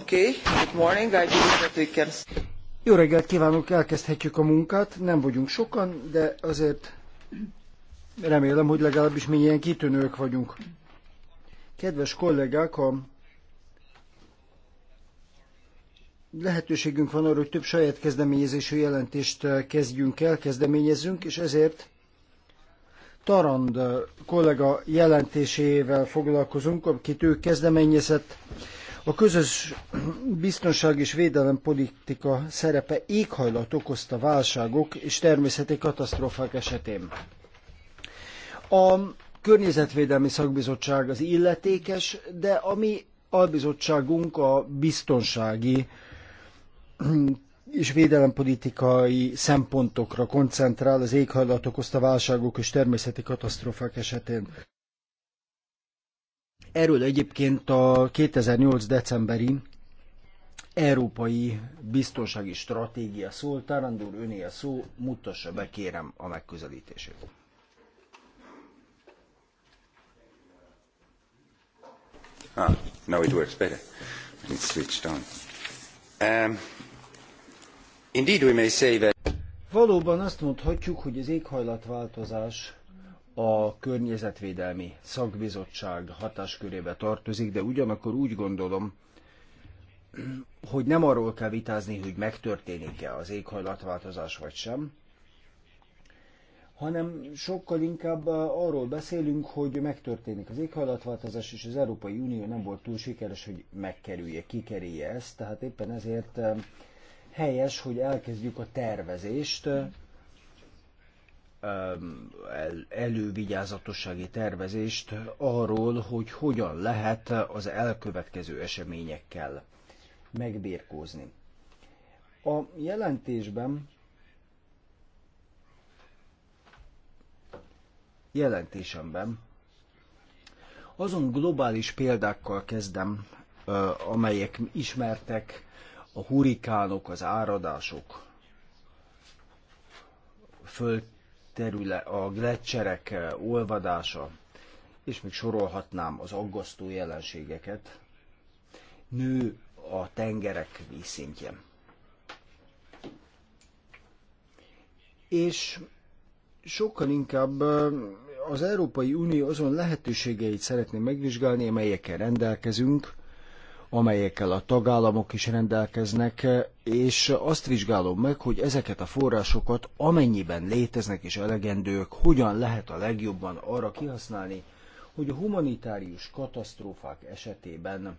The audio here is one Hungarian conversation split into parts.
Okay, good morning. I believe that we can... Jó reggelt kívánok, elkezdhetjük a munkát. Nem vagyunk sokan, de azért remélem, hogy legalábbis mi ilyen kitűnők vagyunk. Kedves kollégák, a lehetőségünk van arra, hogy több saját kezdeményezésű jelentést eh, kezdjünk el, kezdeményezünk, és ezért Tarand eh, kollega jelentésével foglalkozunk, akit ő kezdeményezett. A közös biztonság és védelem politika szerepe éghajlat okozta válságok és természeti katasztrófák esetén. A Környezetvédelmi Szakbizottság az illetékes, de a mi albizottságunk a biztonsági és védelempolitikai szempontokra koncentrál az éghajlat okozta válságok és természeti katasztrófák esetén. Erről egyébként a 2008. decemberi Európai Biztonsági Stratégia szól. Tarandúr, öné a szó, mutassa be kérem a megközelítését. Ah, now it works better when it's switched on. Um, indeed we may say that... Valóban azt mondhatjuk, hogy az éghajlatváltozás a környezetvédelmi szakbizottság hatáskörébe tartozik, de ugyanakkor úgy gondolom, hogy nem arról kell vitázni, hogy megtörténik-e az éghajlatváltozás vagy sem, hanem sokkal inkább arról beszélünk, hogy megtörténik az éghajlatváltozás, és az Európai Unió nem volt túl sikeres, hogy megkerülje, kikerülje ezt, tehát éppen ezért eh, helyes, hogy elkezdjük a tervezést, elővigyázatossági tervezést arról, hogy hogyan lehet az elkövetkező eseményekkel megbírkózni. A jelentésben jelentésemben azon globális példákkal kezdem, amelyek ismertek, a hurikánok, az áradások, föld terüle, a gletszerek eh, olvadása, és még sorolhatnám az aggasztó jelenségeket, nő a tengerek vízszintje. És sokkal inkább eh, az Európai Unió azon lehetőségeit szeretném megvizsgálni, amelyekkel rendelkezünk, amelyekkel a tagállamok is rendelkeznek, és azt vizsgálom meg, hogy ezeket a forrásokat, amennyiben léteznek és elegendők, hogyan lehet a legjobban arra kihasználni, hogy a humanitárius katasztrófák esetében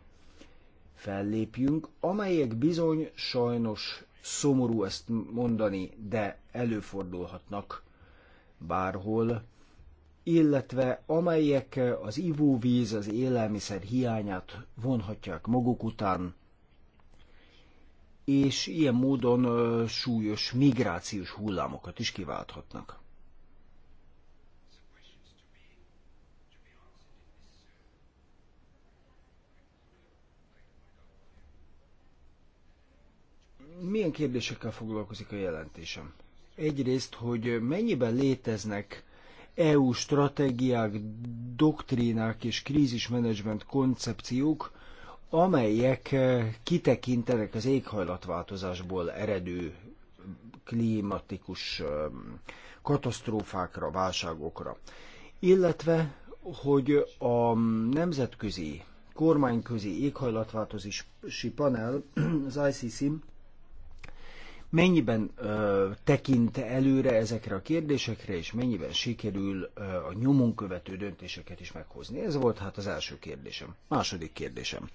fellépjünk, amelyek bizony sajnos szomorú ezt mondani, de előfordulhatnak bárhol, illetve amelyek az ivóvíz, az élelmiszer hiányát vonhatják maguk után, és ilyen módon súlyos migrációs hullámokat is kiválthatnak. Milyen kérdésekkel foglalkozik a jelentésem? Egyrészt, hogy mennyiben léteznek EU stratégiák, doktrínák és krízismenedzsment koncepciók, amelyek eh, kitekintenek az éghajlatváltozásból eredő klimatikus eh, katasztrófákra, válságokra. Illetve, hogy a nemzetközi kormányközi éghajlatváltozási panel, az ICC mennyiben ö, tekint előre ezekre a kérdésekre, és mennyiben sikerül ö, a nyomon követő döntéseket is meghozni. Ez volt hát az első kérdésem. Második kérdésem.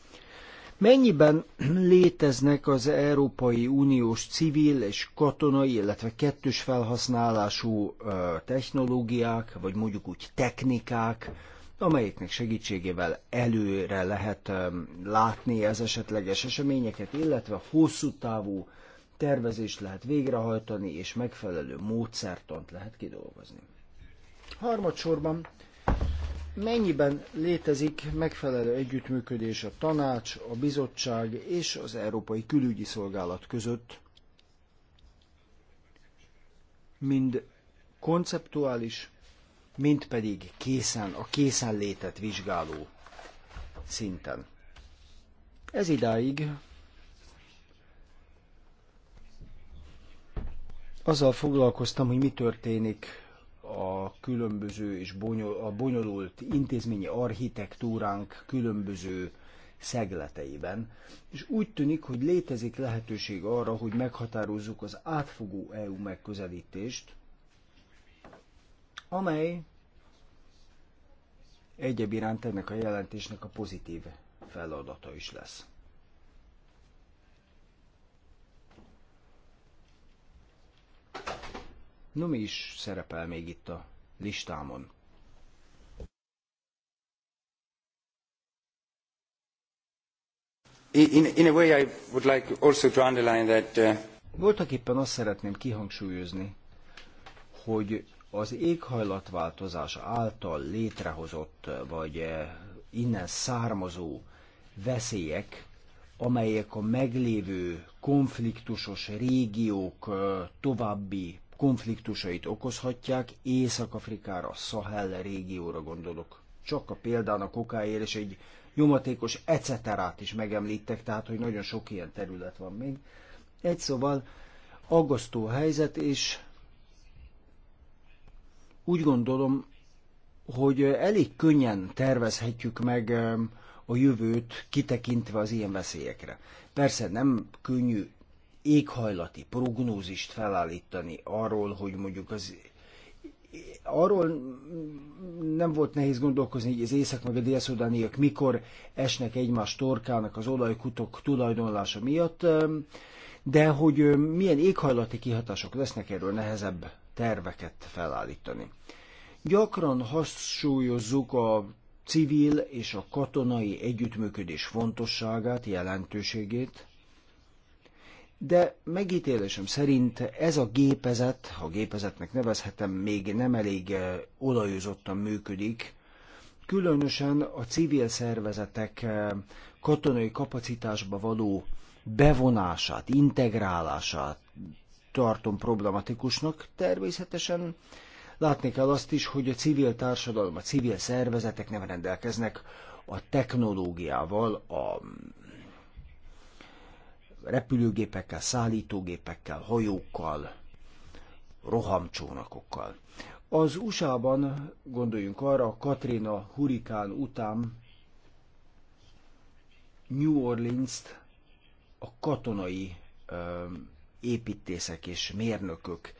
Mennyiben léteznek az Európai Uniós civil és katonai, illetve kettős felhasználású ö, technológiák, vagy mondjuk úgy technikák, amelyeknek segítségével előre lehet látni az esetleges eseményeket, illetve hosszú távú tervezést lehet végrehajtani, és megfelelő módszertant lehet kidolgozni. Harmadsorban, mennyiben létezik megfelelő együttműködés a tanács, a bizottság és az Európai Külügyi Szolgálat között, mind konceptuális, mind pedig készen, a készenlétet vizsgáló szinten. Ez idáig azzal foglalkoztam, hogy mi történik a különböző és bonyol, a bonyolult intézményi architektúránk különböző szegleteiben, és úgy tűnik, hogy létezik lehetőség arra, hogy meghatározzuk az átfogó EU megközelítést, amely egyéb iránt ennek a jelentésnek a pozitív feladata is lesz. No, mi is szerepel még itt a listámon? In, in a way I would like also to underline that uh... Voltak éppen azt szeretném kihangsúlyozni, hogy az éghajlatváltozás által létrehozott, uh, vagy uh, innen származó veszélyek, amelyek a meglévő konfliktusos régiók uh, további konfliktusait okozhatják, Észak-Afrikára, Szahel régióra gondolok. Csak a példának okáért, és egy nyomatékos eceterát is megemlítek, tehát hogy nagyon sok ilyen terület van még. Egy szóval aggasztó helyzet, és úgy gondolom, hogy elég könnyen tervezhetjük meg a jövőt kitekintve az ilyen veszélyekre. Persze nem könnyű éghajlati prognózist felállítani arról, hogy mondjuk az arról nem volt nehéz gondolkozni, hogy az észak meg a dél mikor esnek egymás torkának az olajkutok tulajdonlása miatt, de hogy milyen éghajlati kihatások lesznek, erről nehezebb terveket felállítani. Gyakran hasonlózzuk a civil és a katonai együttműködés fontosságát, jelentőségét, de megítélésem szerint ez a gépezet, ha gépezetnek nevezhetem, még nem elég eh, olajozottan működik, különösen a civil szervezetek eh, katonai kapacitásba való bevonását, integrálását tartom problematikusnak. Természetesen látni kell azt is, hogy a civil társadalom, a civil szervezetek nem rendelkeznek a technológiával, a repülőgépekkel, szállítógépekkel, hajókkal, rohamcsónakokkal. Az USA-ban, gondoljunk arra, Katrina hurikán után New Orleans-t a katonai ö, építészek és mérnökök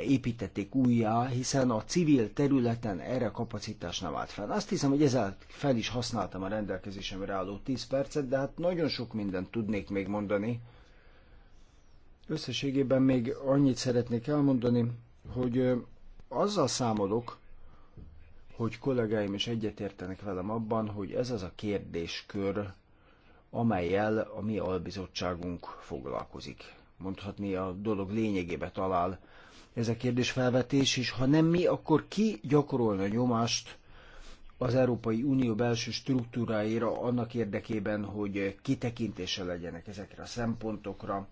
építették újjá, hiszen a civil területen erre kapacitás nem állt fel. Azt hiszem, hogy ezzel fel is használtam a rendelkezésemre álló 10 percet, de hát nagyon sok mindent tudnék még mondani. Összességében még annyit szeretnék elmondani, hogy azzal számolok, hogy kollégáim is egyetértenek velem abban, hogy ez az a kérdéskör, amelyel a mi albizottságunk foglalkozik. Mondhatni a dolog lényegébe talál, ez a kérdésfelvetés, és ha nem mi, akkor ki gyakorolna nyomást az Európai Unió belső struktúráira annak érdekében, hogy kitekintése legyenek ezekre a szempontokra.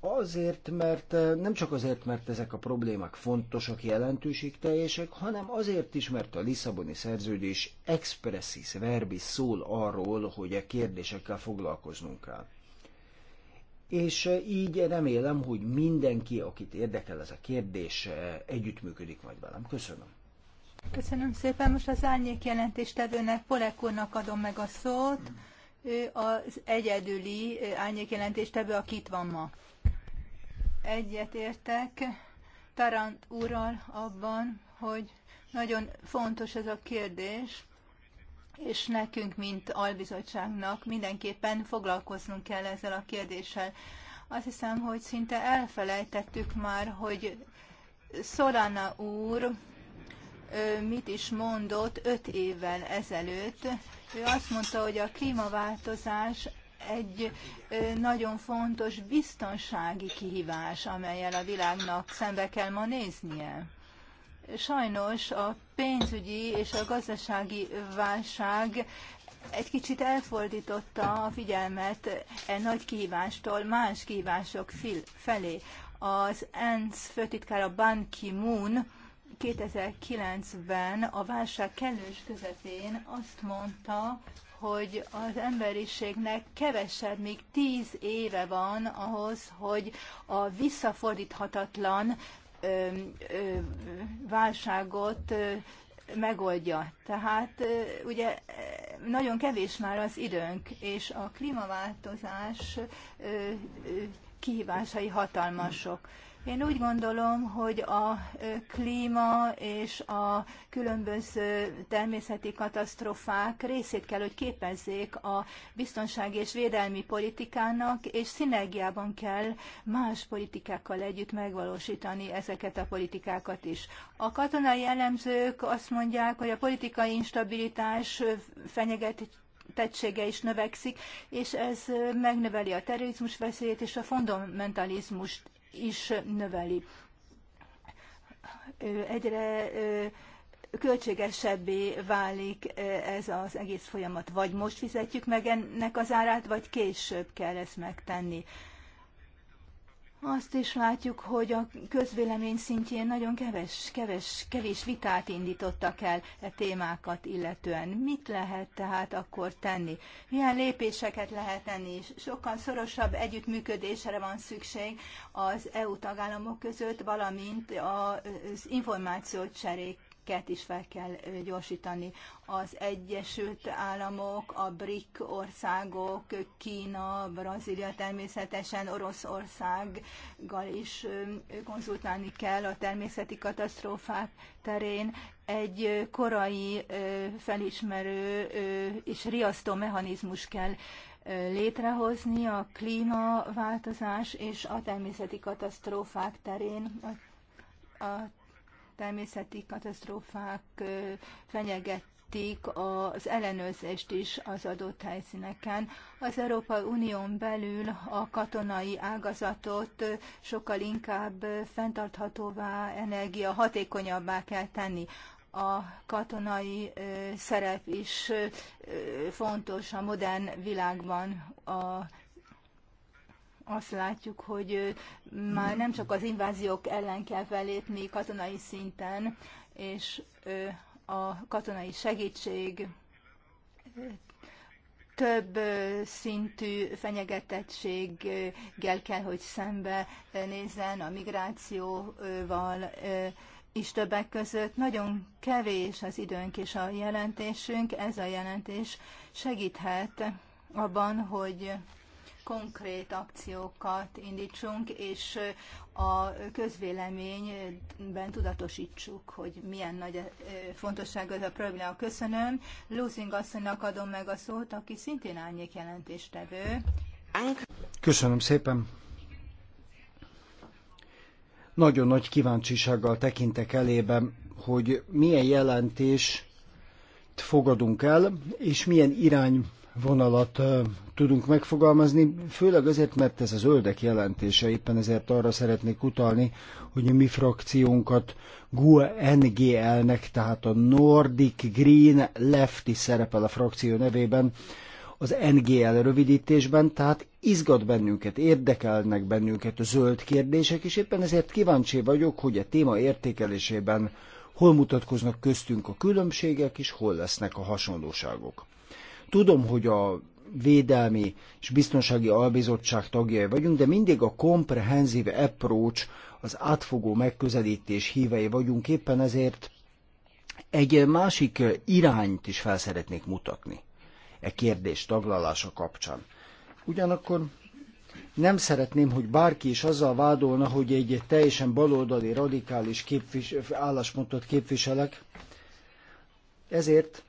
Azért, mert nem csak azért, mert ezek a problémák fontosak, jelentőségteljesek, hanem azért is, mert a Lisszaboni szerződés expressis verbis szól arról, hogy a kérdésekkel foglalkoznunk kell és így remélem, hogy mindenki, akit érdekel ez a kérdés, együttműködik majd velem. Köszönöm. Köszönöm szépen. Most az árnyék jelentéstevőnek, Polek úrnak adom meg a szót. Ő az egyedüli árnyék jelentéstevő, aki itt van ma. Egyet értek Tarant úrral abban, hogy nagyon fontos ez a kérdés, és nekünk, mint albizottságnak mindenképpen foglalkoznunk kell ezzel a kérdéssel. Azt hiszem, hogy szinte elfelejtettük már, hogy Szorana úr mit is mondott öt évvel ezelőtt. Ő azt mondta, hogy a klímaváltozás egy nagyon fontos biztonsági kihívás, amelyel a világnak szembe kell ma néznie. Sajnos a pénzügyi és a gazdasági válság egy kicsit elfordította a figyelmet e nagy kihívástól más kihívások felé. Az ENSZ főtitkára Ban Ki-moon 2009-ben a válság kellős közepén azt mondta, hogy az emberiségnek kevesebb, még tíz éve van ahhoz, hogy a visszafordíthatatlan válságot megoldja. Tehát ugye nagyon kevés már az időnk, és a klímaváltozás kihívásai hatalmasok. Én úgy gondolom, hogy a klíma és a különböző természeti katasztrofák részét kell, hogy képezzék a biztonsági és védelmi politikának, és szinergiában kell más politikákkal együtt megvalósítani ezeket a politikákat is. A katonai elemzők azt mondják, hogy a politikai instabilitás fenyeget tettsége is növekszik, és ez megnöveli a terrorizmus veszélyét és a fundamentalizmust is növeli. Egyre költségesebbé válik ez az egész folyamat. Vagy most fizetjük meg ennek az árát, vagy később kell ezt megtenni. Azt is látjuk, hogy a közvélemény szintjén nagyon keves, keves, kevés vitát indítottak el e témákat illetően. Mit lehet tehát akkor tenni? Milyen lépéseket lehet tenni? Sokkal szorosabb együttműködésre van szükség az EU tagállamok között, valamint az információt cserék ket is fel kell gyorsítani. Az Egyesült Államok, a BRIC országok, Kína, Brazília természetesen, Oroszországgal is konzultálni kell a természeti katasztrófák terén. Egy korai felismerő és riasztó mechanizmus kell létrehozni a klímaváltozás és a természeti katasztrófák terén. A természeti katasztrófák fenyegették az ellenőrzést is az adott helyszíneken. Az Európai Unión belül a katonai ágazatot sokkal inkább fenntarthatóvá, energia hatékonyabbá kell tenni a katonai szerep is fontos a modern világban a azt látjuk, hogy már nem csak az inváziók ellen kell felépni katonai szinten, és a katonai segítség több szintű fenyegetettséggel kell, hogy szembe nézzen a migrációval is többek között. Nagyon kevés az időnk és a jelentésünk. Ez a jelentés segíthet abban, hogy konkrét akciókat indítsunk, és a közvéleményben tudatosítsuk, hogy milyen nagy fontosság ez a probléma. Köszönöm. Losing asszonynak adom meg a szót, aki szintén árnyék jelentéstevő. Köszönöm szépen. Nagyon nagy kíváncsisággal tekintek elébe, hogy milyen jelentés fogadunk el, és milyen irány vonalat tudunk megfogalmazni, főleg azért, mert ez a zöldek jelentése, éppen ezért arra szeretnék utalni, hogy a mi frakciónkat GUE NGL-nek, tehát a Nordic Green Lefty szerepel a frakció nevében, az NGL rövidítésben, tehát izgat bennünket, érdekelnek bennünket a zöld kérdések, és éppen ezért kíváncsi vagyok, hogy a téma értékelésében hol mutatkoznak köztünk a különbségek, és hol lesznek a hasonlóságok. Tudom, hogy a Védelmi és Biztonsági Albizottság tagjai vagyunk, de mindig a comprehensive approach, az átfogó megközelítés hívei vagyunk, éppen ezért egy másik irányt is fel szeretnék mutatni e kérdés taglalása kapcsán. Ugyanakkor nem szeretném, hogy bárki is azzal vádolna, hogy egy teljesen baloldali, radikális képvis- álláspontot képviselek. Ezért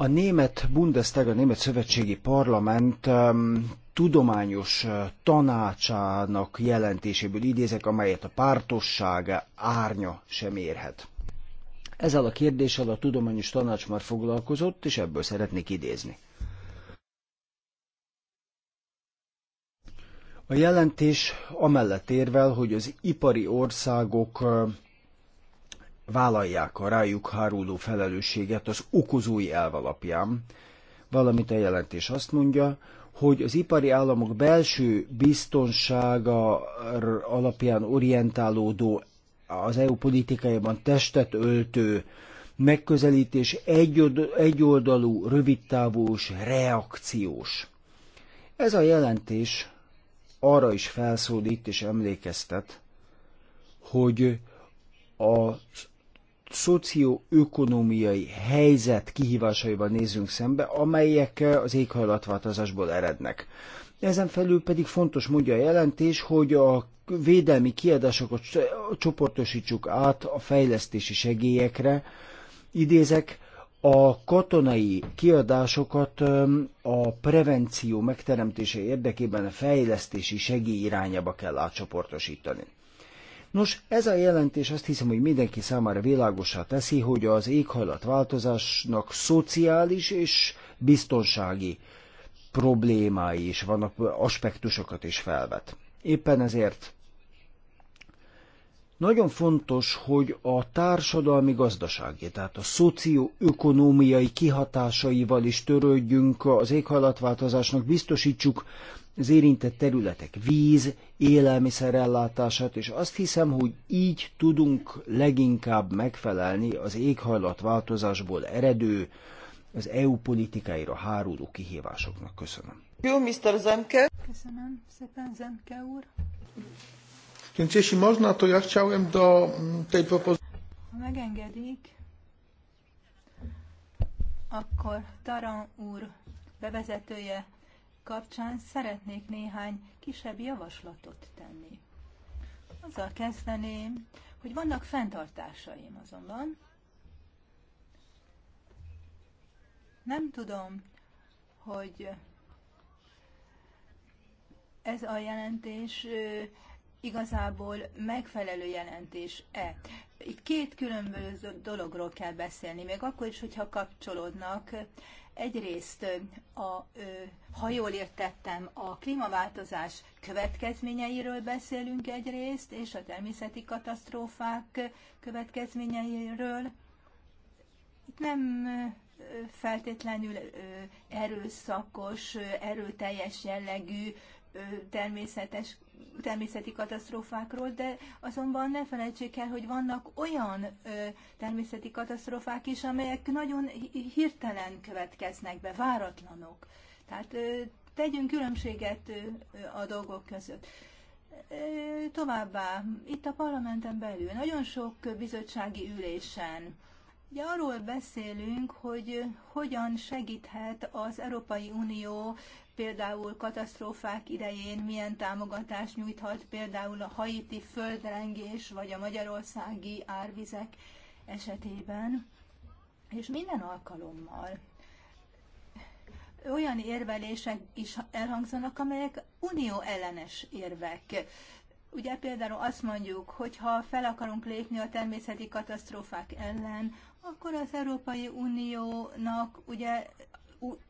A német Bundestag, a német szövetségi parlament um, tudományos uh, tanácsának jelentéséből idézek, amelyet a pártosság árnya sem érhet. Ezzel a kérdéssel a tudományos tanács már foglalkozott, és ebből szeretnék idézni. A jelentés amellett érvel, hogy az ipari országok uh, vállalják a rájuk háruló felelősséget az okozói elv alapján, valamint a jelentés azt mondja, hogy az ipari államok belső biztonsága alapján orientálódó az EU politikájában testet öltő megközelítés egyoldalú, rövidtávú és reakciós. Ez a jelentés arra is felszólít és emlékeztet, hogy az szocioökonomiai helyzet kihívásaival nézünk szembe, amelyek az éghajlatváltozásból erednek. Ezen felül pedig fontos mondja a jelentés, hogy a védelmi kiadásokat csoportosítsuk át a fejlesztési segélyekre. Idézek, a katonai kiadásokat a prevenció megteremtése érdekében a fejlesztési segély irányába kell átcsoportosítani. Nos, ez a jelentés azt hiszem, hogy mindenki számára világosá teszi, hogy az éghajlatváltozásnak szociális és biztonsági problémái is vannak, aspektusokat is felvet. Éppen ezért nagyon fontos, hogy a társadalmi gazdasági, tehát a szocioökonómiai kihatásaival is törődjünk az éghajlatváltozásnak, biztosítsuk, az érintett területek víz, élelmiszerellátását, és azt hiszem, hogy így tudunk leginkább megfelelni az éghajlatváltozásból eredő, az EU politikáira háruló kihívásoknak. Köszönöm. Jó, Mr. Zemke. Köszönöm szépen, Zemke úr. Więc jeśli można, to ja chciałem do mm, tej propozycji... Ha megengedik, akkor Taran úr bevezetője kapcsán szeretnék néhány kisebb javaslatot tenni. Azzal kezdeném, hogy vannak fenntartásaim azonban. Nem tudom, hogy ez a jelentés igazából megfelelő jelentés-e. Itt két különböző dologról kell beszélni, még akkor is, hogyha kapcsolódnak egyrészt, a, ha jól értettem, a klímaváltozás következményeiről beszélünk egyrészt, és a természeti katasztrófák következményeiről. Itt nem feltétlenül erőszakos, erőteljes jellegű természetes természeti katasztrófákról, de azonban ne felejtsék el, hogy vannak olyan természeti katasztrófák is, amelyek nagyon hirtelen következnek be, váratlanok. Tehát tegyünk különbséget a dolgok között. Továbbá, itt a parlamenten belül nagyon sok bizottsági ülésen Ugye arról beszélünk, hogy hogyan segíthet az Európai Unió például katasztrófák idején milyen támogatást nyújthat például a haiti földrengés vagy a magyarországi árvizek esetében, és minden alkalommal olyan érvelések is elhangzanak, amelyek unió ellenes érvek. Ugye például azt mondjuk, hogy ha fel akarunk lépni a természeti katasztrófák ellen, akkor az Európai Uniónak ugye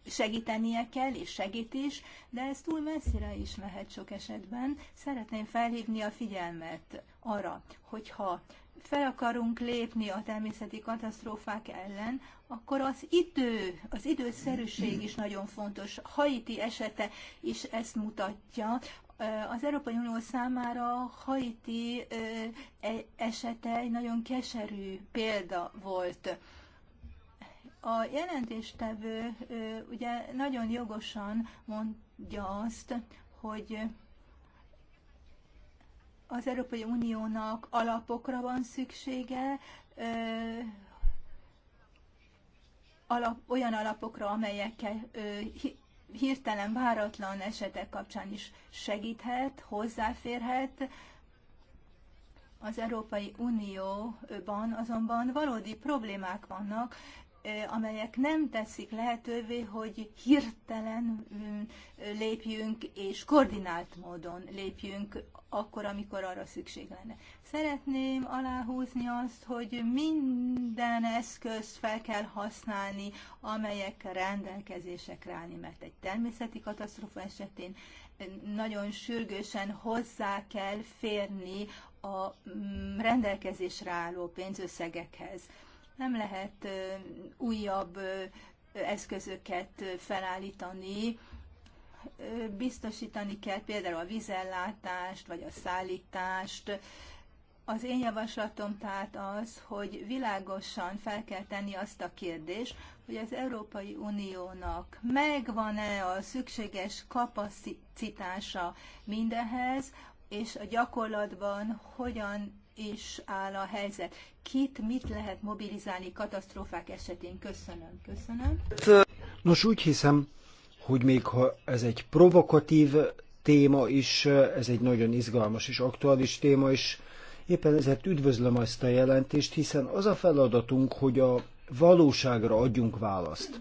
segítenie kell, és segít is, de ez túl messzire is mehet sok esetben. Szeretném felhívni a figyelmet arra, hogyha fel akarunk lépni a természeti katasztrófák ellen, akkor az idő, az időszerűség is nagyon fontos. Haiti esete is ezt mutatja. Az Európai Unió számára Haiti e, esete egy nagyon keserű példa volt a jelentéstevő ugye nagyon jogosan mondja azt, hogy az Európai Uniónak alapokra van szüksége, alap, olyan alapokra, amelyekkel hirtelen, váratlan esetek kapcsán is segíthet, hozzáférhet. Az Európai Unióban azonban valódi problémák vannak, amelyek nem teszik lehetővé, hogy hirtelen lépjünk és koordinált módon lépjünk akkor, amikor arra szükség lenne. Szeretném aláhúzni azt, hogy minden eszközt fel kell használni, amelyek rendelkezésekre állni, mert egy természeti katasztrófa esetén nagyon sürgősen hozzá kell férni a mm, rendelkezésre álló pénzösszegekhez nem lehet újabb eszközöket felállítani, biztosítani kell például a vízellátást, vagy a szállítást. Az én javaslatom tehát az, hogy világosan fel kell tenni azt a kérdést, hogy az Európai Uniónak megvan-e a szükséges kapacitása mindehhez, és a gyakorlatban hogyan is áll a helyzet. Kit, mit lehet mobilizálni katasztrófák esetén? Köszönöm, köszönöm. Nos, úgy hiszem, hogy még ha ez egy provokatív téma is, ez egy nagyon izgalmas és aktuális téma is, éppen ezért üdvözlöm ezt a jelentést, hiszen az a feladatunk, hogy a valóságra adjunk választ.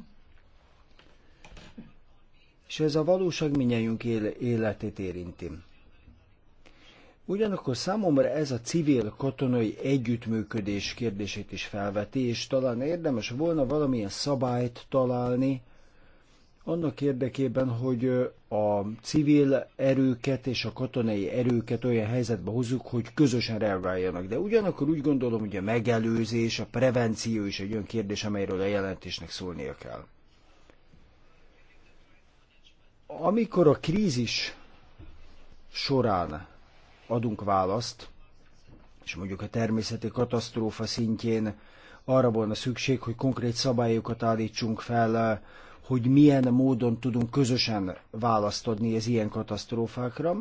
És ez a valóság minnyájunk életét érinti. Ugyanakkor számomra ez a civil-katonai együttműködés kérdését is felveti, és talán érdemes volna valamilyen szabályt találni annak érdekében, hogy a civil erőket és a katonai erőket olyan helyzetbe hozzuk, hogy közösen reagáljanak. De ugyanakkor úgy gondolom, hogy a megelőzés, a prevenció is egy olyan kérdés, amelyről a jelentésnek szólnia kell. Amikor a krízis során adunk választ, és mondjuk a természeti katasztrófa szintjén arra volna szükség, hogy konkrét szabályokat állítsunk fel, hogy milyen módon tudunk közösen választ adni az ilyen katasztrófákra,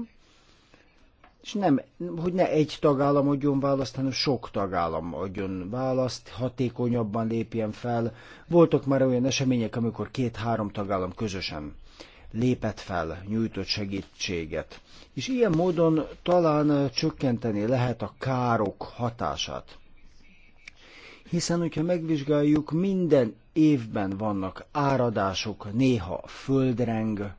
és nem, hogy ne egy tagállam adjon választ, hanem sok tagállam adjon választ, hatékonyabban lépjen fel. Voltak már olyan események, amikor két-három tagállam közösen lépett fel, nyújtott segítséget. És ilyen módon talán csökkenteni lehet a károk hatását. Hiszen, hogyha megvizsgáljuk, minden évben vannak áradások, néha földreng,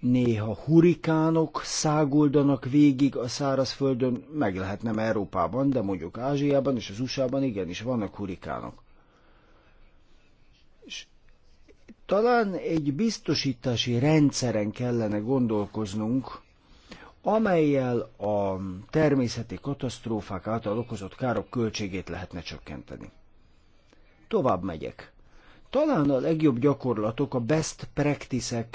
néha hurikánok száguldanak végig a szárazföldön, meg lehet nem Európában, de mondjuk Ázsiában és az USA-ban igenis vannak hurikánok. Talán egy biztosítási rendszeren kellene gondolkoznunk, amelyel a természeti katasztrófák által okozott károk költségét lehetne csökkenteni. Tovább megyek. Talán a legjobb gyakorlatok, a best practices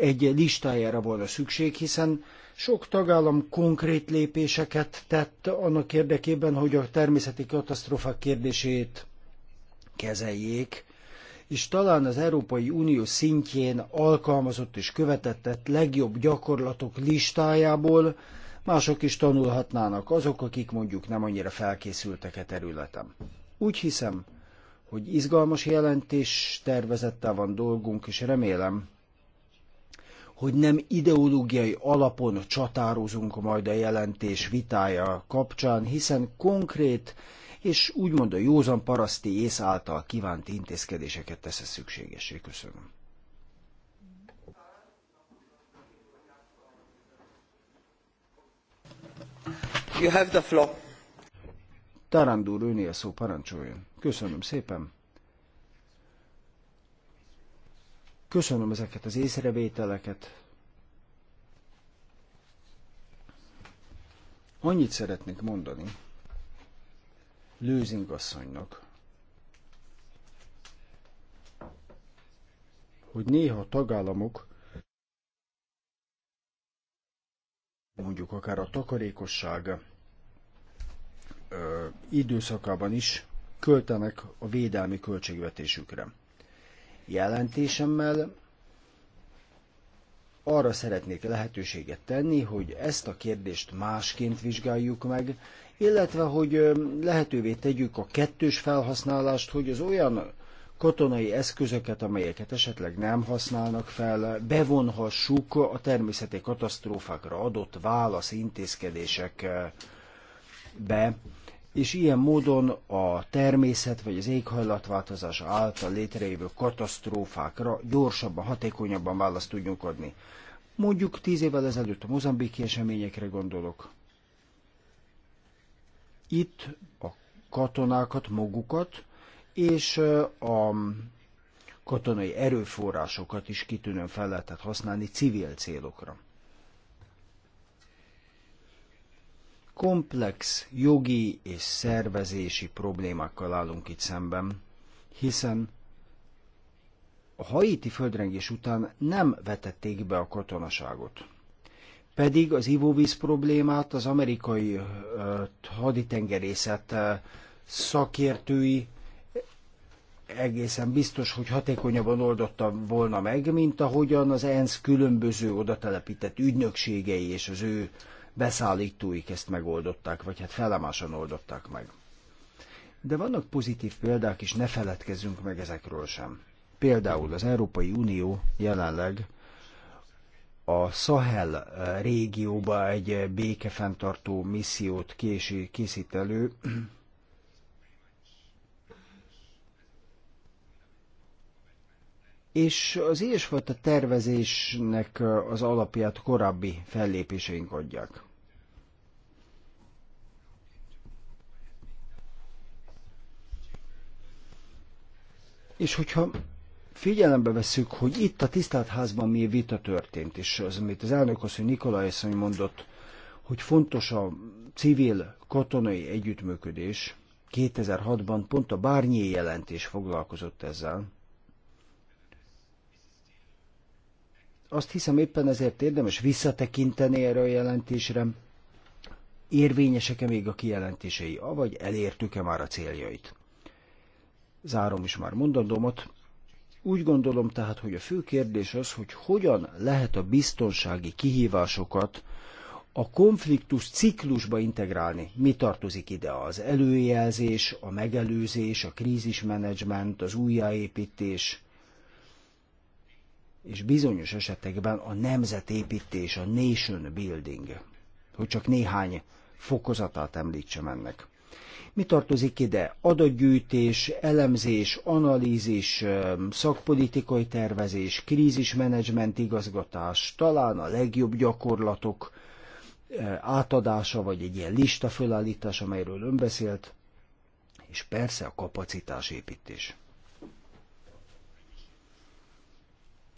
egy listájára volna szükség, hiszen sok tagállam konkrét lépéseket tett annak érdekében, hogy a természeti katasztrófák kérdését kezeljék, és talán az Európai Unió szintjén alkalmazott és követett legjobb gyakorlatok listájából mások is tanulhatnának, azok, akik mondjuk nem annyira felkészültek e területen. Úgy hiszem, hogy izgalmas jelentés tervezettel van dolgunk, és remélem, hogy nem ideológiai alapon csatározunk majd a jelentés vitája kapcsán, hiszen konkrét és úgymond a józan paraszti ész által kívánt intézkedéseket tesz a szükségesé. Köszönöm. You have the floor. Tarándúr önél szó parancsoljon. Köszönöm szépen. Köszönöm ezeket az észrevételeket. Annyit szeretnék mondani, Lőzing asszonynak, hogy néha a tagállamok mondjuk akár a takarékosság ö, időszakában is költenek a védelmi költségvetésükre. Jelentésemmel arra szeretnék lehetőséget tenni, hogy ezt a kérdést másként vizsgáljuk meg, illetve hogy lehetővé tegyük a kettős felhasználást, hogy az olyan katonai eszközöket, amelyeket esetleg nem használnak fel, bevonhassuk a természeti katasztrófákra adott válasz intézkedésekbe, és ilyen módon a természet vagy az éghajlatváltozás által létrejövő katasztrófákra gyorsabban, hatékonyabban választ tudjunk adni. Mondjuk tíz évvel ezelőtt a mozambiki eseményekre gondolok. Itt a katonákat, magukat és a katonai erőforrásokat is kitűnően fel lehetett használni civil célokra. komplex jogi és szervezési problémákkal állunk itt szemben, hiszen a haiti földrengés után nem vetették be a katonaságot. Pedig az ivóvíz problémát az amerikai uh, haditengerészet uh, szakértői egészen biztos, hogy hatékonyabban oldotta volna meg, mint ahogyan az ENSZ különböző odatelepített ügynökségei és az ő beszállítóik ezt megoldották, vagy hát felemásan oldották meg. De vannak pozitív példák, és ne feledkezzünk meg ezekről sem. Például az Európai Unió jelenleg a Sahel eh, régióba egy békefenntartó missziót készít elő, és az ilyesfajta tervezésnek az alapját korábbi fellépéseink adják. És hogyha figyelembe veszük, hogy itt a tisztelt házban mi vita történt, és az, amit az elnök asszony Nikolaj asszony mondott, hogy fontos a civil katonai együttműködés, 2006-ban pont a Bárnyi jelentés foglalkozott ezzel, Azt hiszem éppen ezért érdemes visszatekinteni erre a jelentésre, érvényesek-e még a kijelentései, avagy elértük-e már a céljait. Zárom is már mondandómat. Úgy gondolom tehát, hogy a fő kérdés az, hogy hogyan lehet a biztonsági kihívásokat a konfliktus ciklusba integrálni. Mi tartozik ide? Az előjelzés, a megelőzés, a krízismenedzsment, az újjáépítés, és bizonyos esetekben a nemzetépítés, a nation building, hogy csak néhány fokozatát említsem ennek. Mi tartozik ide? Adatgyűjtés, elemzés, analízis, szakpolitikai tervezés, krízismenedzsment igazgatás, talán a legjobb gyakorlatok átadása, vagy egy ilyen lista fölállítás, amelyről ön beszélt, és persze a kapacitásépítés.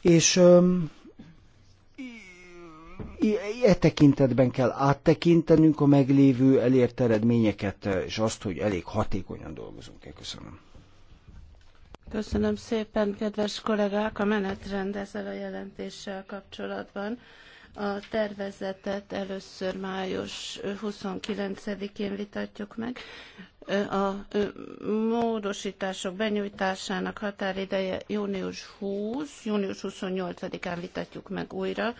és e tekintetben kell áttekintenünk a meglévő elért eredményeket, és azt, hogy elég hatékonyan dolgozunk Köszönöm. Köszönöm szépen, kedves kollégák, a menetrend ezzel a jelentéssel kapcsolatban. A tervezetet először május 29-én vitatjuk meg, a módosítások benyújtásának határideje június 20, június 28-án vitatjuk meg újra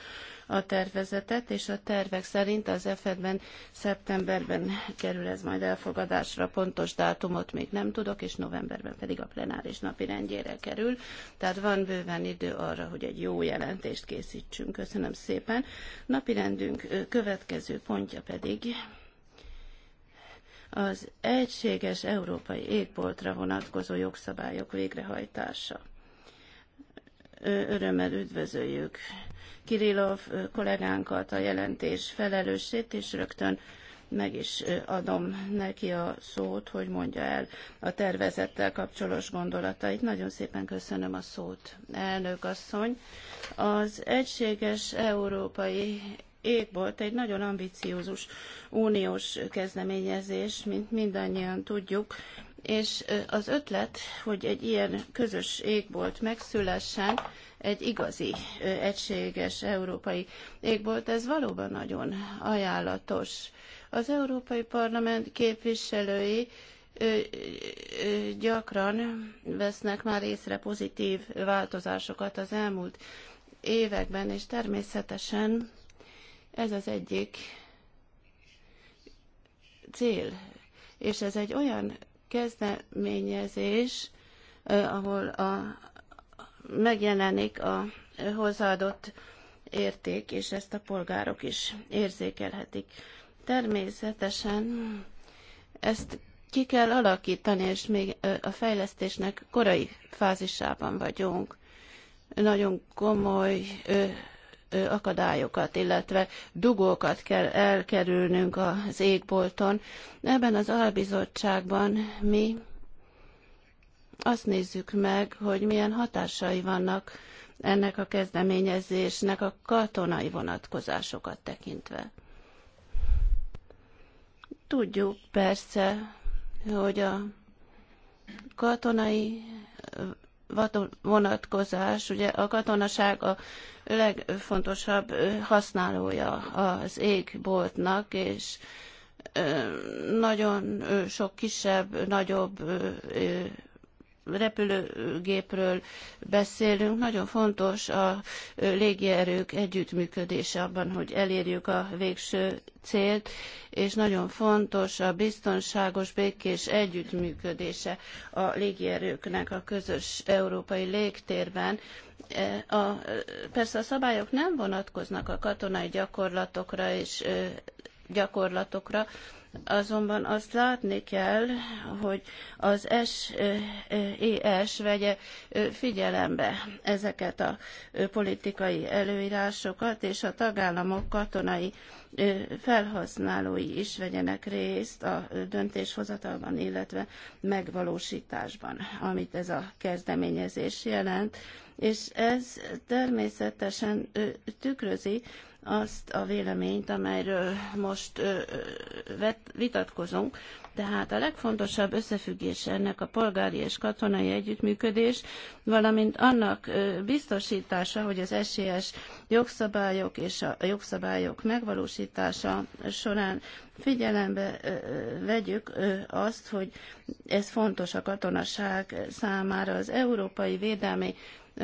a tervezetet, és a tervek szerint az EFED-ben szeptemberben kerül ez majd elfogadásra, pontos dátumot még nem tudok, és novemberben pedig a plenáris napi rendjére kerül, tehát van bőven idő arra, hogy egy jó jelentést készítsünk. Köszönöm szépen. Napirendünk következő pontja pedig az egységes európai égboltra vonatkozó jogszabályok végrehajtása. Örömmel üdvözöljük Kirillov kollégánkat, a jelentés felelősét, és rögtön meg is adom neki a szót, hogy mondja el a tervezettel kapcsolatos gondolatait. Nagyon szépen köszönöm a szót, elnök asszony. Az egységes európai égbolt egy nagyon ambiciózus uniós kezdeményezés, mint mindannyian tudjuk, és az ötlet, hogy egy ilyen közös égbolt megszülessen, egy igazi egységes európai égbolt, ez valóban nagyon ajánlatos. Az Európai Parlament képviselői gyakran vesznek már észre pozitív változásokat az elmúlt években, és természetesen ez az egyik cél. És ez egy olyan kezdeményezés, ahol a, megjelenik a hozzáadott érték, és ezt a polgárok is érzékelhetik. Természetesen ezt ki kell alakítani, és még a fejlesztésnek korai fázisában vagyunk. Nagyon komoly akadályokat, illetve dugókat kell elkerülnünk az égbolton. Ebben az albizottságban mi azt nézzük meg, hogy milyen hatásai vannak ennek a kezdeményezésnek a katonai vonatkozásokat tekintve. Tudjuk persze, hogy a katonai vonatkozás, ugye a katonaság a legfontosabb használója az égboltnak, és nagyon sok kisebb, nagyobb repülőgépről beszélünk. Nagyon fontos a légierők együttműködése abban, hogy elérjük a végső célt, és nagyon fontos a biztonságos, békés együttműködése a légierőknek a közös európai légtérben. E, a, persze a szabályok nem vonatkoznak a katonai gyakorlatokra és gyakorlatokra, Azonban azt látni kell, hogy az SES e e vegye figyelembe ezeket a politikai előírásokat, és a tagállamok katonai felhasználói is vegyenek részt a döntéshozatalban, illetve megvalósításban, amit ez a kezdeményezés jelent. És ez természetesen tükrözi azt a véleményt, amelyről most vitatkozunk. Tehát a legfontosabb összefüggés ennek a polgári és katonai együttműködés, valamint annak biztosítása, hogy az esélyes e jogszabályok és a jogszabályok megvalósítása során figyelembe vegyük azt, hogy ez fontos a katonaság számára. Az európai védelmi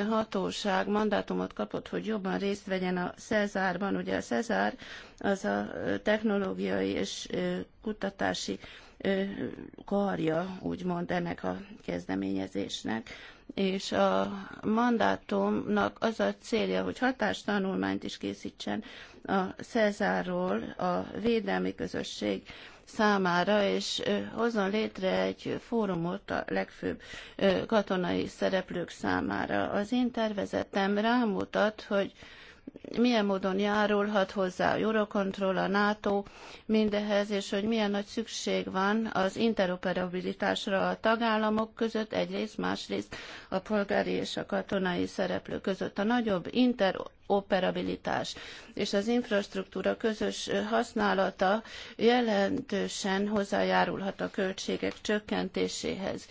hatóság mandátumot kapott, hogy jobban részt vegyen a Cezárban. Ugye a Cezár az a technológiai és kutatási karja, úgymond ennek a kezdeményezésnek, és a mandátumnak az a célja, hogy hatástanulmányt is készítsen a Cezárról a védelmi közösség számára, és hozzon létre egy fórumot a legfőbb katonai szereplők számára. Az én tervezetem rámutat, hogy milyen módon járulhat hozzá a Eurocontrol, a NATO mindehez, és hogy milyen nagy szükség van az interoperabilitásra a tagállamok között, egyrészt, másrészt a polgári és a katonai szereplő között. A nagyobb interoperabilitás és az infrastruktúra közös használata jelentősen hozzájárulhat a költségek csökkentéséhez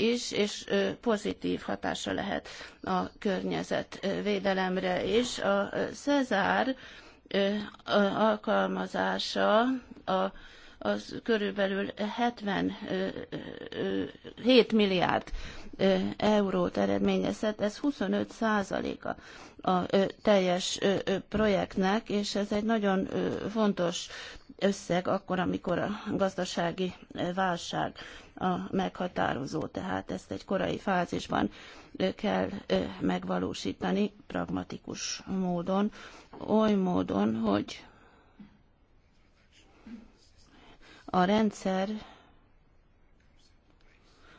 is, és pozitív hatása lehet a környezetvédelemre is. A Cezár alkalmazása a az körülbelül 77 milliárd eurót eredményezhet, ez 25 százaléka a teljes projektnek, és ez egy nagyon fontos összeg akkor, amikor a gazdasági válság a meghatározó, tehát ezt egy korai fázisban kell megvalósítani pragmatikus módon, oly módon, hogy a rendszer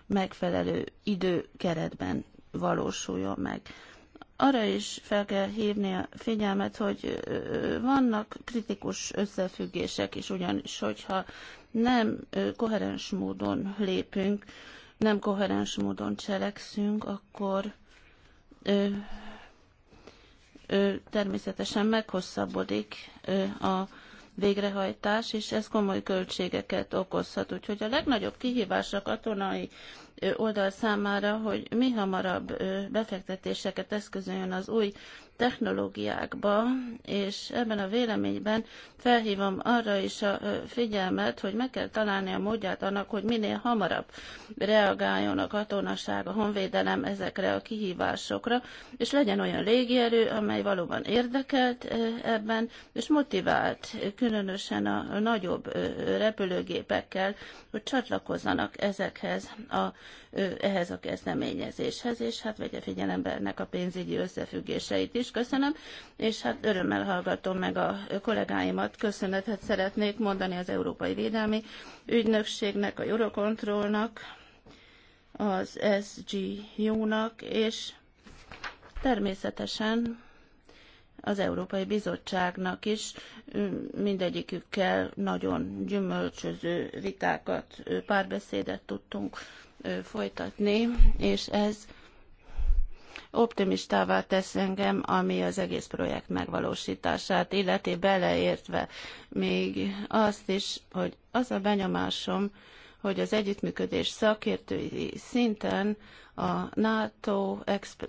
megfelelő időkeretben valósuljon meg arra is fel kell hívni a figyelmet, hogy vannak kritikus összefüggések is, ugyanis hogyha nem koherens módon lépünk, nem koherens módon cselekszünk, akkor ö, ö, természetesen meghosszabbodik ö, a végrehajtás, és ez komoly költségeket okozhat. Úgyhogy a legnagyobb kihívás a katonai oldal számára, hogy mi hamarabb befektetéseket eszközöljön az új technológiákba, és ebben a véleményben felhívom arra is a figyelmet, hogy meg kell találni a módját annak, hogy minél hamarabb reagáljon a katonaság, a honvédelem ezekre a kihívásokra, és legyen olyan légierő, amely valóban érdekelt ebben, és motivált különösen a nagyobb repülőgépekkel, hogy csatlakozzanak ezekhez a ehhez a kezdeményezéshez, és hát vegye figyelembe ennek a pénzügyi összefüggéseit is. Köszönöm, és hát örömmel hallgatom meg a kollégáimat. Köszönetet szeretnék mondani az Európai Védelmi Ügynökségnek, a Eurocontrolnak, az SGU-nak, és természetesen az Európai Bizottságnak is mindegyikükkel nagyon gyümölcsöző vitákat, párbeszédet tudtunk folytatni, és ez optimistává tesz engem, ami az egész projekt megvalósítását illeti, beleértve még azt is, hogy az a benyomásom, hogy az együttműködés szakértői szinten a NATO,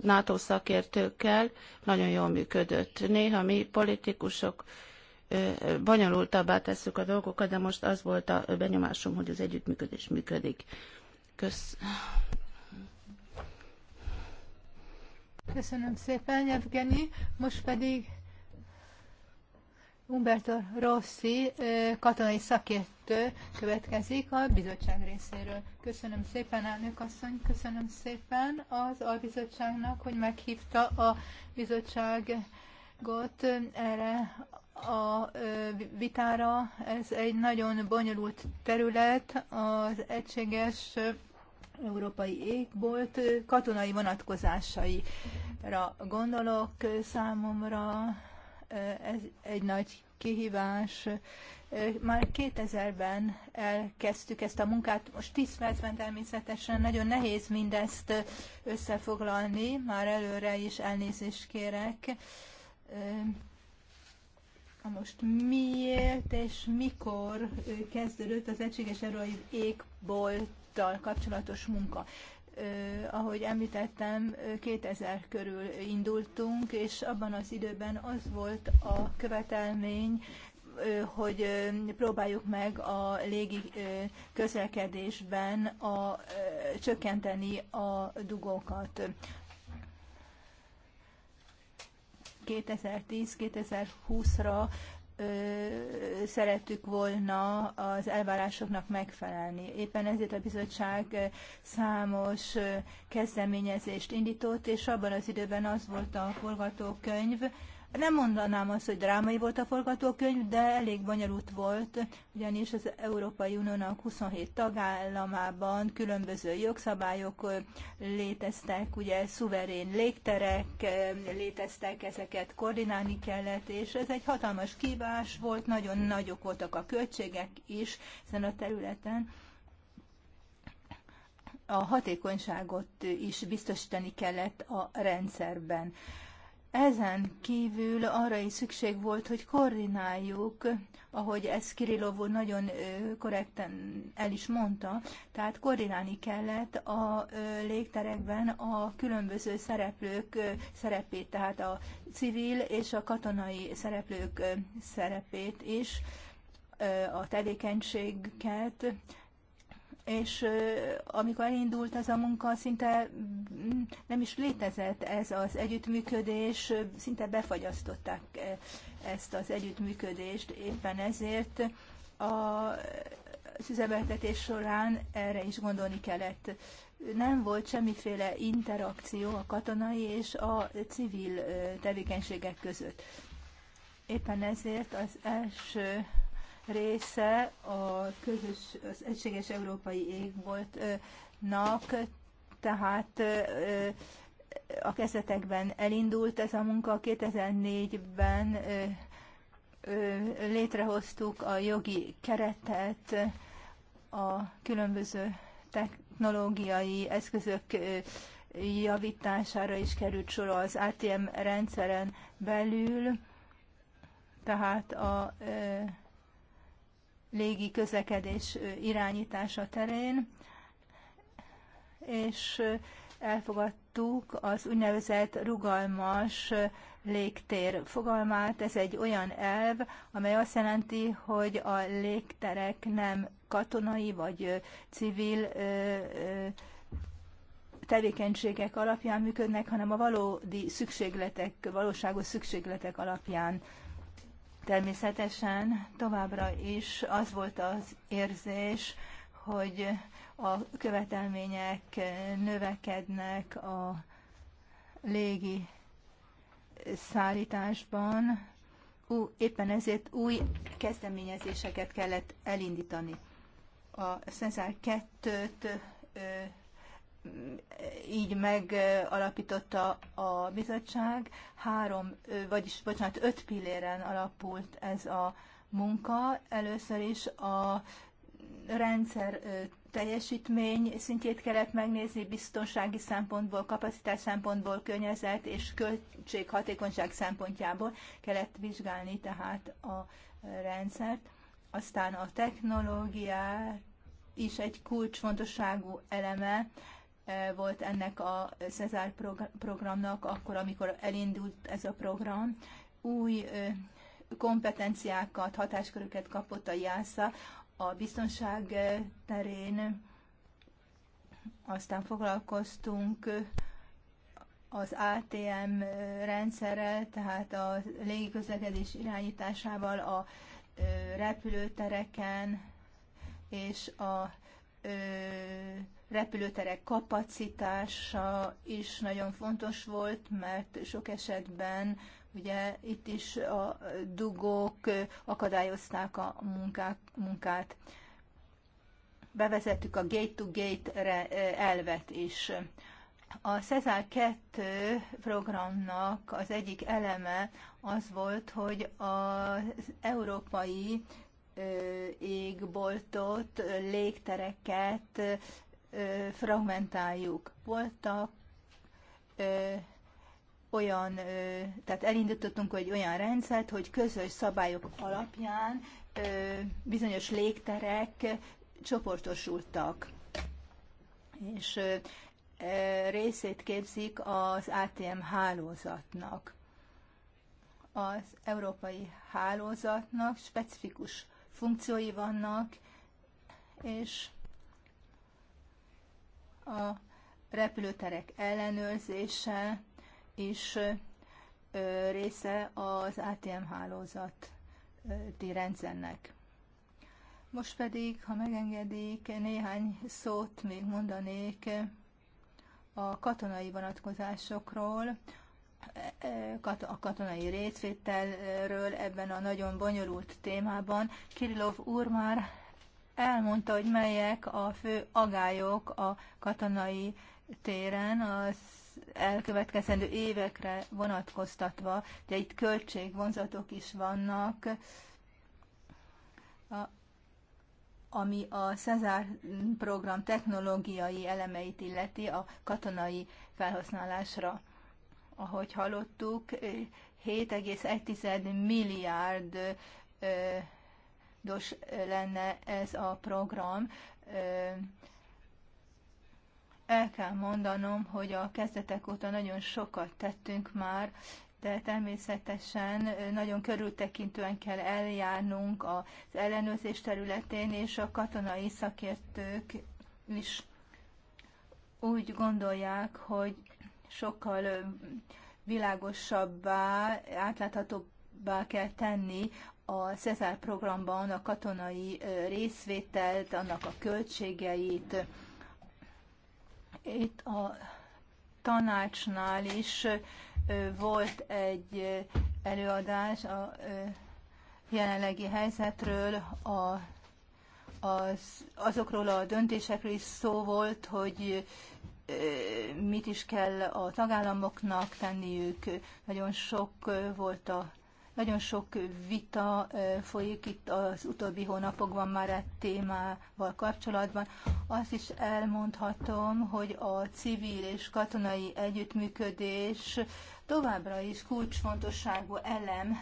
NATO szakértőkkel nagyon jól működött. Néha mi politikusok bonyolultabbá tesszük a dolgokat, de most az volt a benyomásom, hogy az együttműködés működik. Kösz... Köszönöm szépen, Evgeni. Most pedig Umberto Rossi, katonai szakértő következik a bizottság részéről. Köszönöm szépen, elnök asszony, köszönöm szépen az albizottságnak, hogy meghívta a bizottságot erre a vitára. Ez egy nagyon bonyolult terület, az egységes európai égbolt katonai vonatkozásaira gondolok számomra. Ez egy nagy kihívás. Már 2000-ben elkezdtük ezt a munkát, most 10 percben természetesen nagyon nehéz mindezt összefoglalni, már előre is elnézést kérek. Most miért és mikor kezdődött az egységes erői égbolt tal kapcsolatos munka. Ahogy említettem, 2000 körül indultunk, és abban az időben az volt a követelmény, hogy próbáljuk meg a légi közlekedésben a, csökkenteni a dugókat. 2010-2020-ra szerettük volna az elvárásoknak megfelelni. Éppen ezért a bizottság számos kezdeményezést indított, és abban az időben az volt a forgatókönyv, nem mondanám azt, hogy drámai volt a forgatókönyv, de elég bonyolult volt, ugyanis az Európai Uniónak 27 tagállamában különböző jogszabályok léteztek, ugye szuverén légterek léteztek, ezeket koordinálni kellett, és ez egy hatalmas kívás volt, nagyon nagyok voltak a költségek is ezen a területen a hatékonyságot is biztosítani kellett a rendszerben. Ezen kívül arra is szükség volt, hogy koordináljuk, ahogy ezt Kirillov úr nagyon korrekten el is mondta, tehát koordinálni kellett a légterekben a különböző szereplők szerepét, tehát a civil és a katonai szereplők szerepét is, a tevékenységket, és amikor elindult ez a munka, szinte mm, nem is létezett ez az együttműködés, szinte befagyasztották ezt az együttműködést, éppen ezért a az üzemeltetés során erre is gondolni kellett. Nem volt semmiféle interakció a katonai és a civil tevékenységek között. Éppen ezért az első része a közös, az egységes európai égboltnak, tehát a kezdetekben elindult ez a munka, 2004-ben létrehoztuk a jogi keretet a különböző technológiai eszközök javítására is került sor az ATM rendszeren belül, tehát a légi közlekedés irányítása terén, és elfogadtuk az úgynevezett rugalmas légtér fogalmát. Ez egy olyan elv, amely azt jelenti, hogy a légterek nem katonai vagy civil tevékenységek alapján működnek, hanem a valódi szükségletek, valóságos szükségletek alapján Természetesen továbbra is az volt az érzés, hogy a követelmények növekednek a légi szállításban, ú, éppen ezért új kezdeményezéseket kellett elindítani. A Cezár 2-t így megalapította a bizottság. Három, vagyis bocsánat, öt pilléren alapult ez a munka. Először is a rendszer teljesítmény szintjét kellett megnézni biztonsági szempontból, kapacitás szempontból, környezet és költséghatékonyság szempontjából kellett vizsgálni tehát a rendszert. Aztán a technológiát is egy kulcsfontosságú eleme volt ennek a Cezár programnak, akkor, amikor elindult ez a program. Új kompetenciákat, hatásköröket kapott a JASZA a biztonság terén. Aztán foglalkoztunk az ATM rendszerrel, tehát a légiközlekedés irányításával a repülőtereken és a repülőterek kapacitása is nagyon fontos volt, mert sok esetben ugye itt is a dugók akadályozták a munkák, munkát. Bevezettük a gate-to-gate elvet is. A Cezár 2 programnak az egyik eleme az volt, hogy az európai égboltot, légtereket fragmentáljuk. Voltak olyan, tehát elindítottunk egy olyan rendszert, hogy közös szabályok alapján bizonyos légterek csoportosultak, és részét képzik az ATM hálózatnak. Az európai hálózatnak specifikus funkciói vannak, és a repülőterek ellenőrzése is része az ATM hálózati rendszernek. Most pedig, ha megengedik, néhány szót még mondanék a katonai vonatkozásokról, e, a katonai részvételről ebben a nagyon bonyolult témában. Kirillov úr már elmondta, hogy melyek a fő agályok a katonai téren az elkövetkezendő évekre vonatkoztatva, Ugye itt költségvonzatok is vannak, a, ami a Cezár program technológiai elemeit illeti a katonai felhasználásra. Ahogy hallottuk, 7,1 eh, milliárd eh, dos lenne ez a program. El kell mondanom, hogy a kezdetek óta nagyon sokat tettünk már, de természetesen nagyon körültekintően kell eljárnunk az ellenőrzés területén, és a katonai szakértők is úgy gondolják, hogy sokkal világosabbá, átláthatóbbá kell tenni a CESAR programban a katonai részvételt, annak a költségeit. Itt a tanácsnál is volt egy előadás a jelenlegi helyzetről, a, az, azokról a döntésekről is szó volt, hogy mit is kell a tagállamoknak tenniük. Nagyon sok volt a nagyon sok vita folyik itt az utóbbi hónapokban már egy témával kapcsolatban. Azt is elmondhatom, hogy a civil és katonai együttműködés továbbra is kulcsfontosságú elem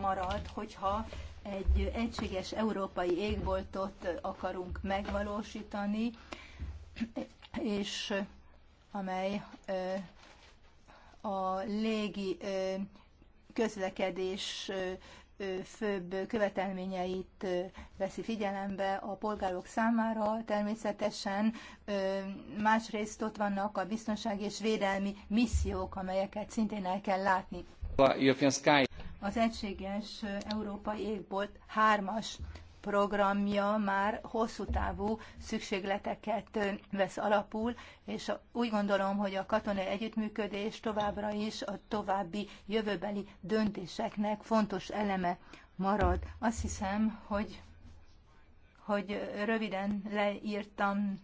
marad, hogyha egy egységes európai égboltot akarunk megvalósítani, és amely a légi közlekedés főbb követelményeit veszi figyelembe a polgárok számára. Természetesen másrészt ott vannak a biztonsági és védelmi missziók, amelyeket szintén el kell látni. Az egységes európai égbolt hármas programja már hosszú távú szükségleteket vesz alapul, és úgy gondolom, hogy a katonai együttműködés továbbra is a további jövőbeli döntéseknek fontos eleme marad. Azt hiszem, hogy, hogy röviden leírtam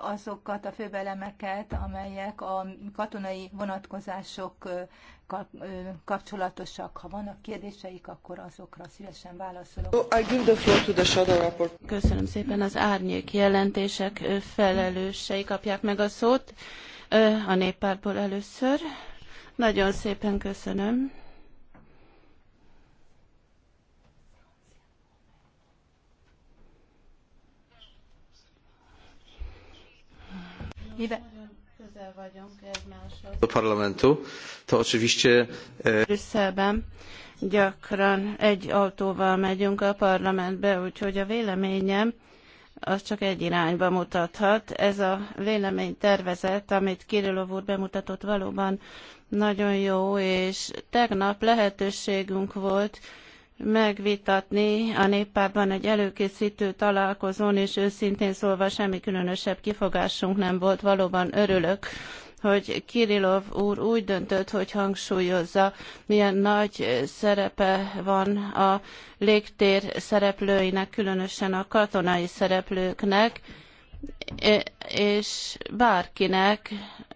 azokat a főbelemeket, amelyek a katonai vonatkozások kapcsolatosak. Ha vannak kérdéseik, akkor azokra szívesen válaszolok. Köszönöm szépen, az árnyék jelentések felelősei kapják meg a szót. A néppártból először. Nagyon szépen köszönöm. mivel közel vagyunk egymáshoz. A parlamentu, to oczywiście... E, Brüsszelben gyakran egy autóval megyünk a parlamentbe, úgyhogy a véleményem az csak egy irányba mutathat. Ez a véleménytervezet, amit Kirillov úr bemutatott, valóban nagyon jó, és tegnap lehetőségünk volt, megvitatni a néppárban egy előkészítő találkozón, és őszintén szólva semmi különösebb kifogásunk nem volt. Valóban örülök, hogy Kirillov úr úgy döntött, hogy hangsúlyozza, milyen nagy szerepe van a légtér szereplőinek, különösen a katonai szereplőknek, e, és bárkinek,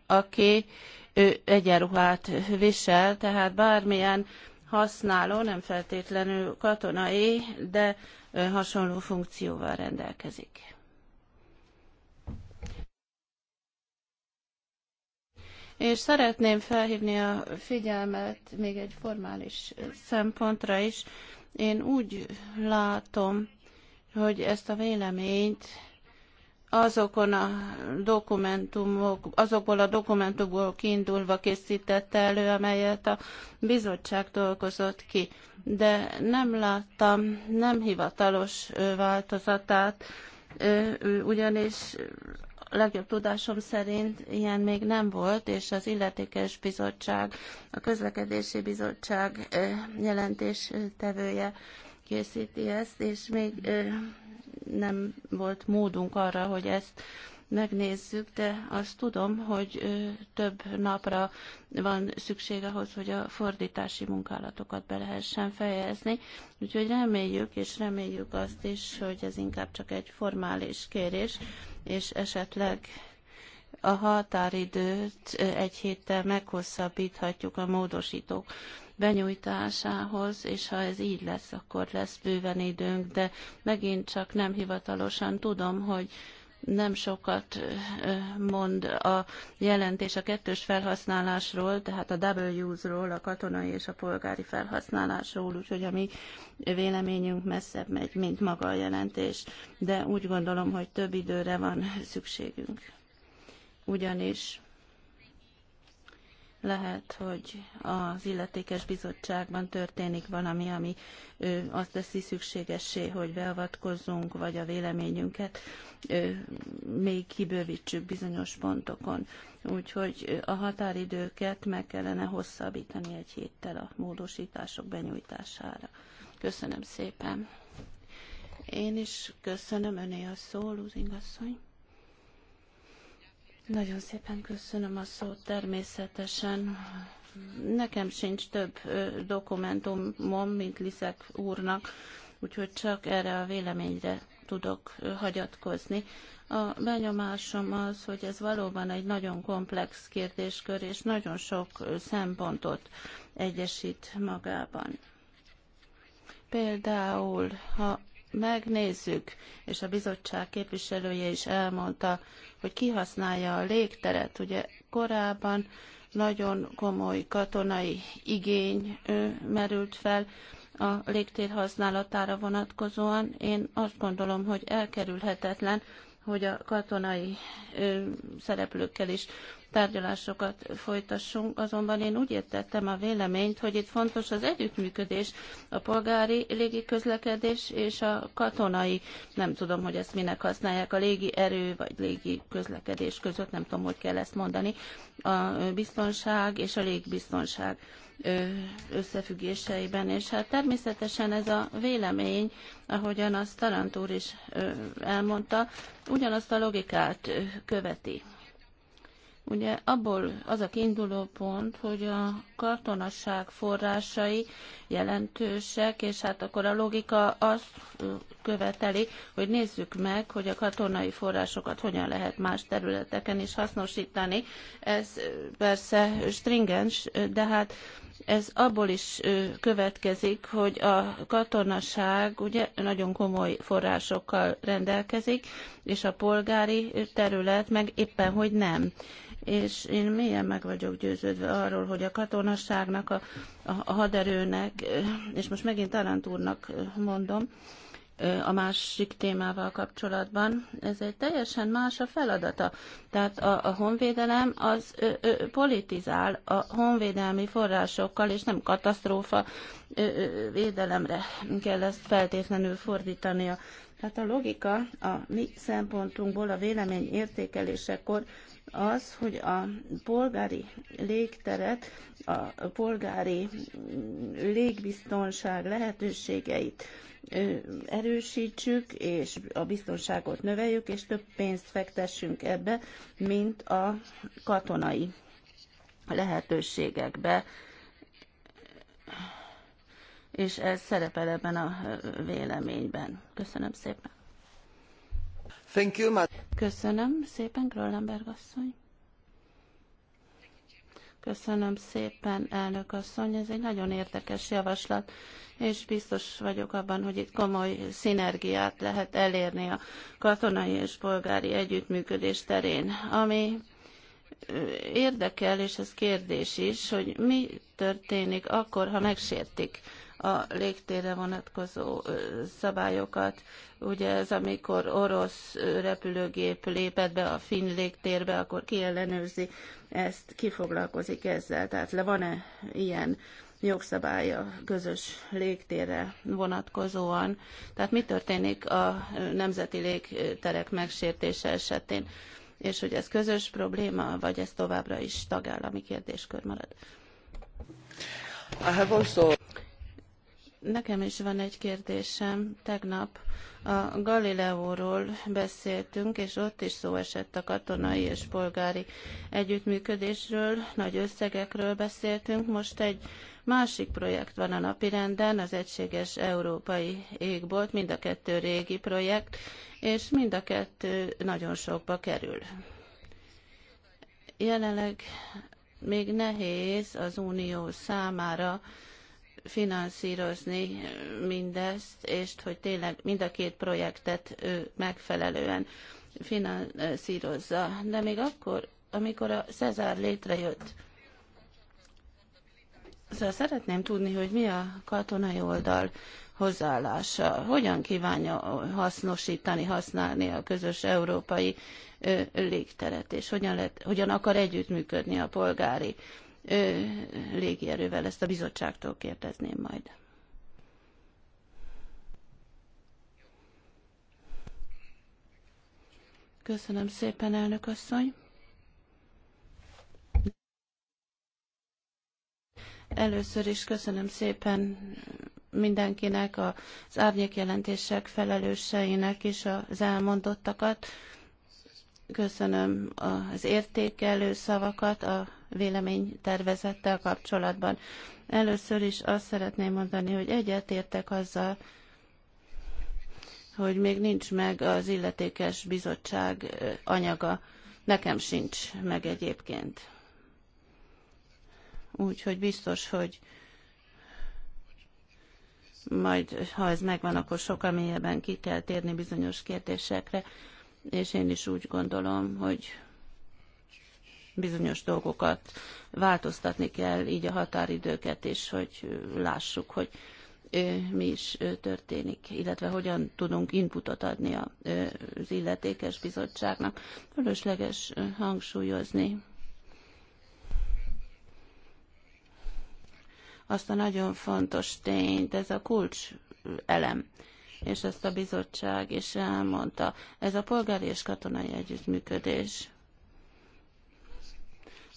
aki egyenruhát visel, tehát bármilyen használó, nem feltétlenül katonai, de hasonló funkcióval rendelkezik. És szeretném felhívni a figyelmet még egy formális szempontra is. Én úgy látom, hogy ezt a véleményt azokon a dokumentumok, azokból a dokumentumból kiindulva készítette elő, amelyet a bizottság dolgozott ki. De nem láttam nem hivatalos változatát, ugyanis legjobb tudásom szerint ilyen még nem volt, és az illetékes bizottság, a közlekedési bizottság jelentéstevője készíti ezt, és még nem volt módunk arra, hogy ezt megnézzük, de azt tudom, hogy több napra van szükség ahhoz, hogy a fordítási munkálatokat be lehessen fejezni. Úgyhogy reméljük, és reméljük azt is, hogy ez inkább csak egy formális kérés, és esetleg a határidőt egy héttel meghosszabbíthatjuk a módosítók benyújtásához, és ha ez így lesz, akkor lesz bőven időnk, de megint csak nem hivatalosan tudom, hogy nem sokat mond a jelentés a kettős felhasználásról, tehát a double use-ról, a katonai és a polgári felhasználásról, úgyhogy a mi véleményünk messzebb megy, mint maga a jelentés, de úgy gondolom, hogy több időre van szükségünk. Ugyanis lehet, hogy az illetékes bizottságban történik valami, ami azt teszi szükségessé, hogy beavatkozzunk, vagy a véleményünket még kibővítsük bizonyos pontokon. Úgyhogy a határidőket meg kellene hosszabbítani egy héttel a módosítások benyújtására. Köszönöm szépen. Én is köszönöm öné a szó, asszony. Nagyon szépen köszönöm a szót természetesen. Nekem sincs több dokumentumom, mint Liszek úrnak, úgyhogy csak erre a véleményre tudok hagyatkozni. A benyomásom az, hogy ez valóban egy nagyon komplex kérdéskör, és nagyon sok szempontot egyesít magában. Például, ha megnézzük, és a bizottság képviselője is elmondta, hogy kihasználja a légteret. Ugye korábban nagyon komoly katonai igény merült fel a légtér használatára vonatkozóan. Én azt gondolom, hogy elkerülhetetlen, hogy a katonai szereplőkkel is tárgyalásokat folytassunk, azonban én úgy értettem a véleményt, hogy itt fontos az együttműködés, a polgári légiközlekedés és a katonai, nem tudom, hogy ezt minek használják, a légi erő vagy légi közlekedés között, nem tudom, hogy kell ezt mondani, a biztonság és a légbiztonság összefüggéseiben. És hát természetesen ez a vélemény, ahogyan azt Tarant úr is elmondta, ugyanazt a logikát követi. Ugye abból az a kiinduló pont, hogy a katonasság forrásai jelentősek, és hát akkor a logika azt követeli, hogy nézzük meg, hogy a katonai forrásokat hogyan lehet más területeken is hasznosítani. Ez persze stringens, de hát ez abból is következik, hogy a katonaság ugye nagyon komoly forrásokkal rendelkezik, és a polgári terület meg éppen, hogy nem és én mélyen meg vagyok győződve arról, hogy a katonaságnak, a, a, haderőnek, és most megint Tarant úrnak mondom, a másik témával kapcsolatban. Ez egy teljesen más a feladata. Tehát a, a honvédelem az ö, ö, politizál a honvédelmi forrásokkal, és nem katasztrófa ö, ö, védelemre kell ezt feltétlenül fordítania. Tehát a logika a mi szempontunkból a vélemény értékelésekor az, hogy a polgári légteret, a polgári légbiztonság lehetőségeit erősítsük, és a biztonságot növeljük, és több pénzt fektessünk ebbe, mint a katonai lehetőségekbe és ez szerepel ebben a véleményben. Köszönöm szépen. Thank you, Köszönöm szépen, Grollenberg asszony. Köszönöm szépen, elnök asszony, ez egy nagyon érdekes javaslat, és biztos vagyok abban, hogy itt komoly szinergiát lehet elérni a katonai és polgári együttműködés terén, ami érdekel, és ez kérdés is, hogy mi történik akkor, ha megsértik a légtérre vonatkozó szabályokat. Ugye ez, amikor orosz repülőgép lépett be a finn légtérbe, akkor kiellenőrzi ezt, kifoglalkozik ezzel. Tehát le van-e ilyen jogszabály a közös légtérre vonatkozóan. Tehát mi történik a nemzeti légterek megsértése esetén, és hogy ez közös probléma, vagy ez továbbra is tagállami kérdéskör marad? I have also... Nekem is van egy kérdésem. Tegnap a Galileóról beszéltünk, és ott is szó esett a katonai és polgári együttműködésről, nagy összegekről beszéltünk. Most egy másik projekt van a napirenden, az Egységes Európai Égbolt, mind a kettő régi projekt, és mind a kettő nagyon sokba kerül. Jelenleg még nehéz az Unió számára finanszírozni mindezt, és hogy tényleg mind a két projektet megfelelően finanszírozza. De még akkor, amikor a Cezár létrejött, Szóval szeretném tudni, hogy mi a katonai oldal hozzáállása, hogyan kívánja hasznosítani, használni a közös európai légteret, és hogyan, lehet, hogyan akar együttműködni a polgári légierővel. Ezt a bizottságtól kérdezném majd. Köszönöm szépen, elnök asszony. Először is köszönöm szépen mindenkinek, az árnyék jelentések felelőseinek is az elmondottakat. Köszönöm az értékelő szavakat a véleménytervezettel kapcsolatban. Először is azt szeretném mondani, hogy egyetértek azzal, hogy még nincs meg az illetékes bizottság anyaga. Nekem sincs meg egyébként. Úgyhogy biztos, hogy majd, ha ez megvan, akkor sokkal mélyebben ki kell térni bizonyos kérdésekre és én is úgy gondolom, hogy bizonyos dolgokat változtatni kell, így a határidőket is, hogy lássuk, hogy mi is történik, illetve hogyan tudunk inputot adni az illetékes bizottságnak, fölösleges hangsúlyozni. Azt a nagyon fontos tényt, ez a kulcs elem és ezt a bizottság is elmondta. Ez a polgári és katonai együttműködés.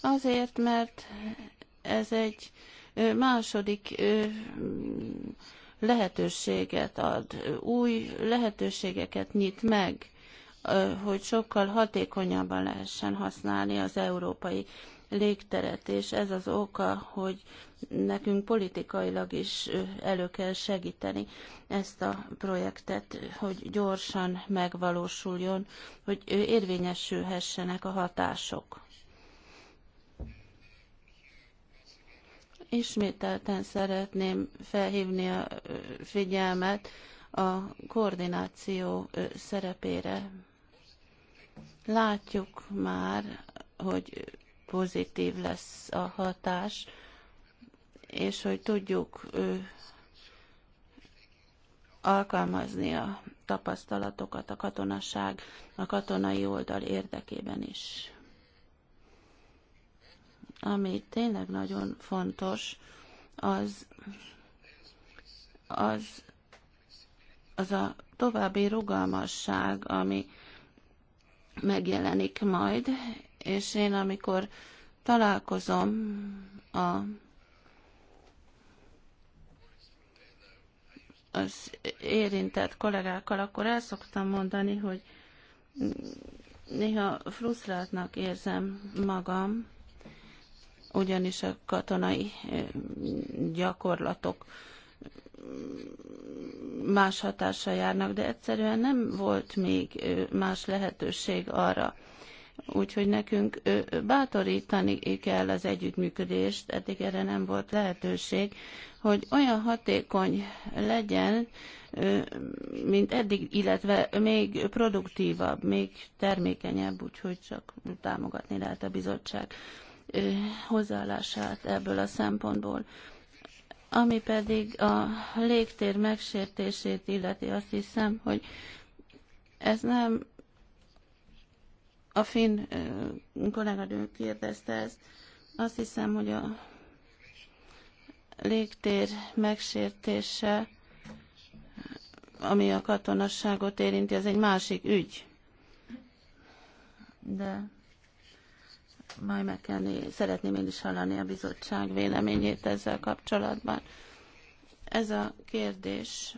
Azért, mert ez egy második lehetőséget ad, új lehetőségeket nyit meg, hogy sokkal hatékonyabban lehessen használni az európai légteret, és ez az oka, hogy nekünk politikailag is elő kell segíteni ezt a projektet, hogy gyorsan megvalósuljon, hogy érvényesülhessenek a hatások. Ismételten szeretném felhívni a figyelmet a koordináció szerepére. Látjuk már, hogy pozitív lesz a hatás, és hogy tudjuk alkalmazni a tapasztalatokat a katonaság, a katonai oldal érdekében is. Ami tényleg nagyon fontos, az, az, az a további rugalmasság, ami megjelenik majd, és én amikor találkozom a az érintett kollégákkal, akkor el szoktam mondani, hogy néha frusztráltnak érzem magam, ugyanis a katonai eh, gyakorlatok más hatással járnak, de egyszerűen nem volt még eh, más lehetőség arra, Úgyhogy nekünk bátorítani kell az együttműködést, eddig erre nem volt lehetőség, hogy olyan hatékony legyen, mint eddig, illetve még produktívabb, még termékenyebb, úgyhogy csak támogatni lehet a bizottság hozzáállását ebből a szempontból. Ami pedig a légtér megsértését illeti, azt hiszem, hogy ez nem a finn kolléganő kérdezte ezt. Azt hiszem, hogy a légtér megsértése, ami a katonasságot érinti, az egy másik ügy. De majd meg kell né- szeretném én is hallani a bizottság véleményét ezzel kapcsolatban. Ez a kérdés,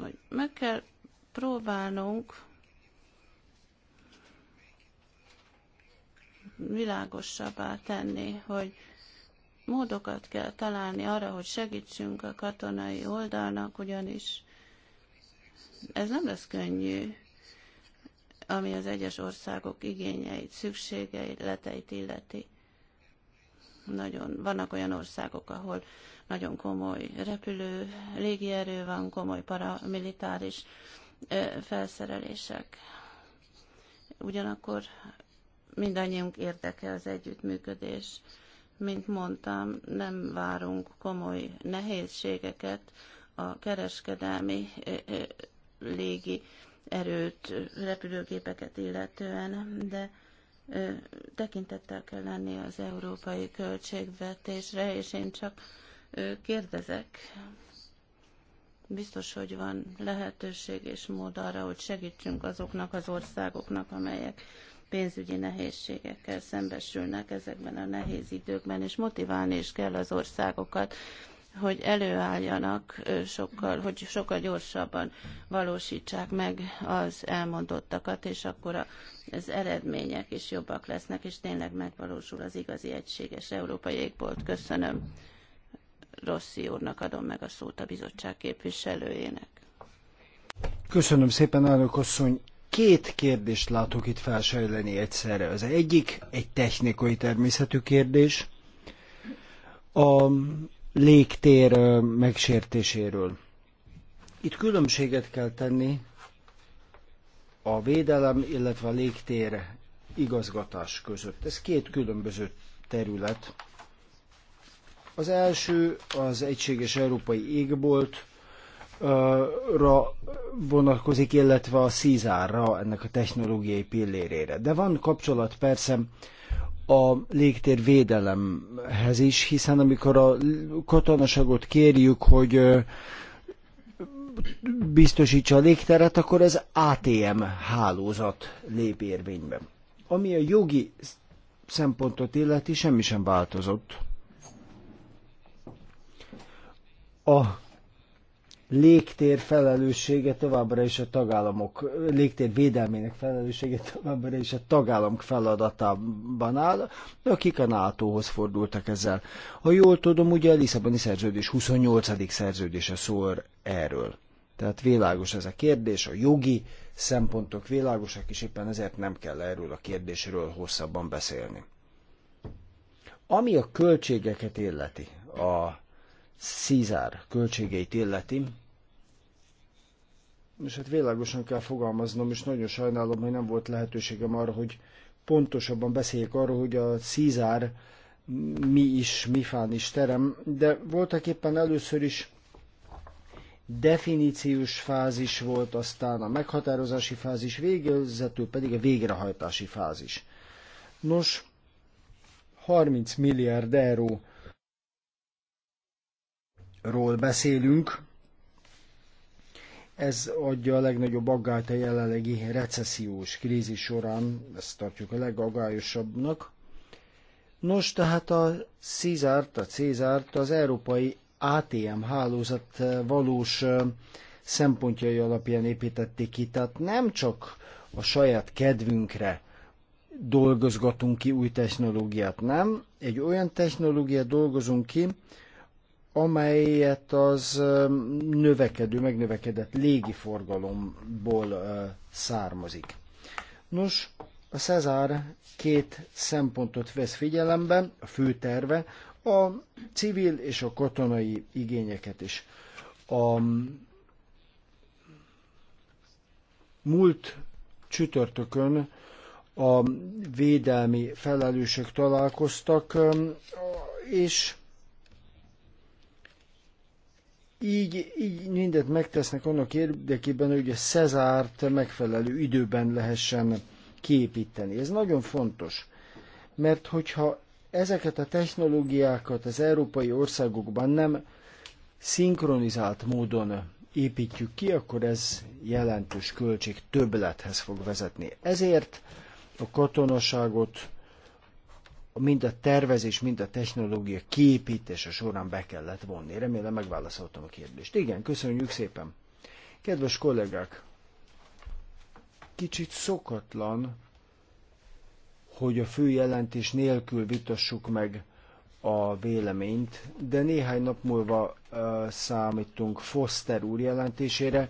hogy meg kell próbálnunk világosabbá tenni, hogy módokat kell találni arra, hogy segítsünk a katonai oldalnak, ugyanis ez nem lesz könnyű, ami az egyes országok igényeit, szükségeit, leteit illeti. Nagyon, vannak olyan országok, ahol nagyon komoly repülő, légierő van, komoly paramilitáris felszerelések. Ugyanakkor mindannyiunk érdeke az együttműködés. Mint mondtam, nem várunk komoly nehézségeket a kereskedelmi eh, eh, légi erőt, repülőgépeket illetően, de eh, tekintettel kell lenni az európai költségvetésre, és én csak kérdezek. Biztos, hogy van lehetőség és mód arra, hogy segítsünk azoknak az országoknak, amelyek pénzügyi nehézségekkel szembesülnek ezekben a nehéz időkben, és motiválni is kell az országokat, hogy előálljanak sokkal, hogy sokkal gyorsabban valósítsák meg az elmondottakat, és akkor az eredmények is jobbak lesznek, és tényleg megvalósul az igazi egységes európai égbolt. Köszönöm. Rossi úrnak adom meg a szót a bizottság képviselőjének. Köszönöm szépen, elnök asszony két kérdést látok itt felsejleni egyszerre. Az egyik egy technikai természetű kérdés, a légtér megsértéséről. Itt különbséget kell tenni a védelem, illetve a légtér igazgatás között. Ez két különböző terület. Az első az egységes európai égbolt, ra vonatkozik, illetve a Szízárra, ennek a technológiai pillérére. De van kapcsolat persze a légtér védelemhez is, hiszen amikor a katonaságot kérjük, hogy biztosítsa a légteret, akkor az ATM hálózat lép érvénybe. Ami a jogi szempontot illeti, semmi sem változott. A légtér felelőssége továbbra is a tagállamok, légtér védelmének felelőssége továbbra is a tagállamok feladatában áll, akik a NATO-hoz fordultak ezzel. Ha jól tudom, ugye a Lisszaboni szerződés 28. szerződése szól erről. Tehát világos ez a kérdés, a jogi szempontok világosak, és éppen ezért nem kell erről a kérdésről hosszabban beszélni. Ami a költségeket illeti, a Cézár költségeit illeti, és hát világosan kell fogalmaznom, és nagyon sajnálom, hogy nem volt lehetőségem arra, hogy pontosabban beszéljek arról, hogy a Cízár mi is, mifán is terem, de voltak éppen először is definíciós fázis volt, aztán a meghatározási fázis, végezetül pedig a végrehajtási fázis. Nos, 30 milliárd euróról beszélünk, ez adja a legnagyobb aggályt a jelenlegi recessziós krízis során, ezt tartjuk a legaggályosabbnak. Nos, tehát a Cézárt, a Cézárt az európai ATM hálózat valós szempontjai alapján építették ki, tehát nem csak a saját kedvünkre dolgozgatunk ki új technológiát, nem, egy olyan technológiát dolgozunk ki, amelyet az növekedő, megnövekedett légiforgalomból származik. Nos, a Cezár két szempontot vesz figyelembe, a fő terve, a civil és a katonai igényeket is. A múlt csütörtökön a védelmi felelősök találkoztak, és így, így mindent megtesznek annak érdekében, hogy a szezárt megfelelő időben lehessen kiépíteni. Ez nagyon fontos, mert hogyha ezeket a technológiákat az európai országokban nem szinkronizált módon építjük ki, akkor ez jelentős költség többlethez fog vezetni. Ezért a katonaságot mind a tervezés, mind a technológia képítése során be kellett vonni. Remélem megválaszoltam a kérdést. Igen, köszönjük szépen. Kedves kollégák, kicsit szokatlan, hogy a fő jelentés nélkül vitassuk meg a véleményt, de néhány nap múlva uh, számítunk Foster úr jelentésére.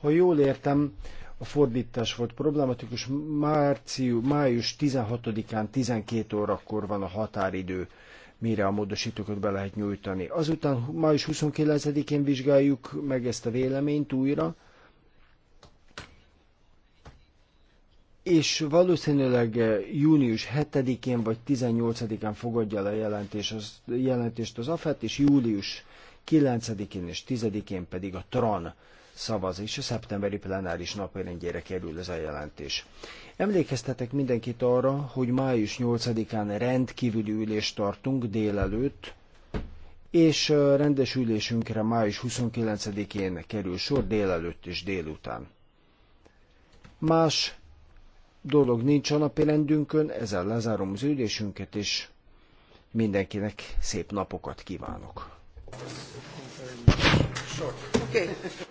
Ha jól értem, a fordítás volt problematikus. Márciu, május 16-án 12 órakor van a határidő, mire a módosítókat be lehet nyújtani. Azután május 29-én vizsgáljuk meg ezt a véleményt újra, és valószínűleg eh, június 7-én vagy 18-án fogadja le a jelentés, az, jelentést az AFET, és július 9-én és 10-én pedig a TRAN szavaz, és a szeptemberi plenáris napirendjére kerül ez a jelentés. Emlékeztetek mindenkit arra, hogy május 8-án rendkívüli ülést tartunk délelőtt, és rendes ülésünkre május 29-én kerül sor délelőtt és délután. Más dolog nincs a napi rendünkön, ezzel lezárom az ülésünket, és mindenkinek szép napokat kívánok. Okay.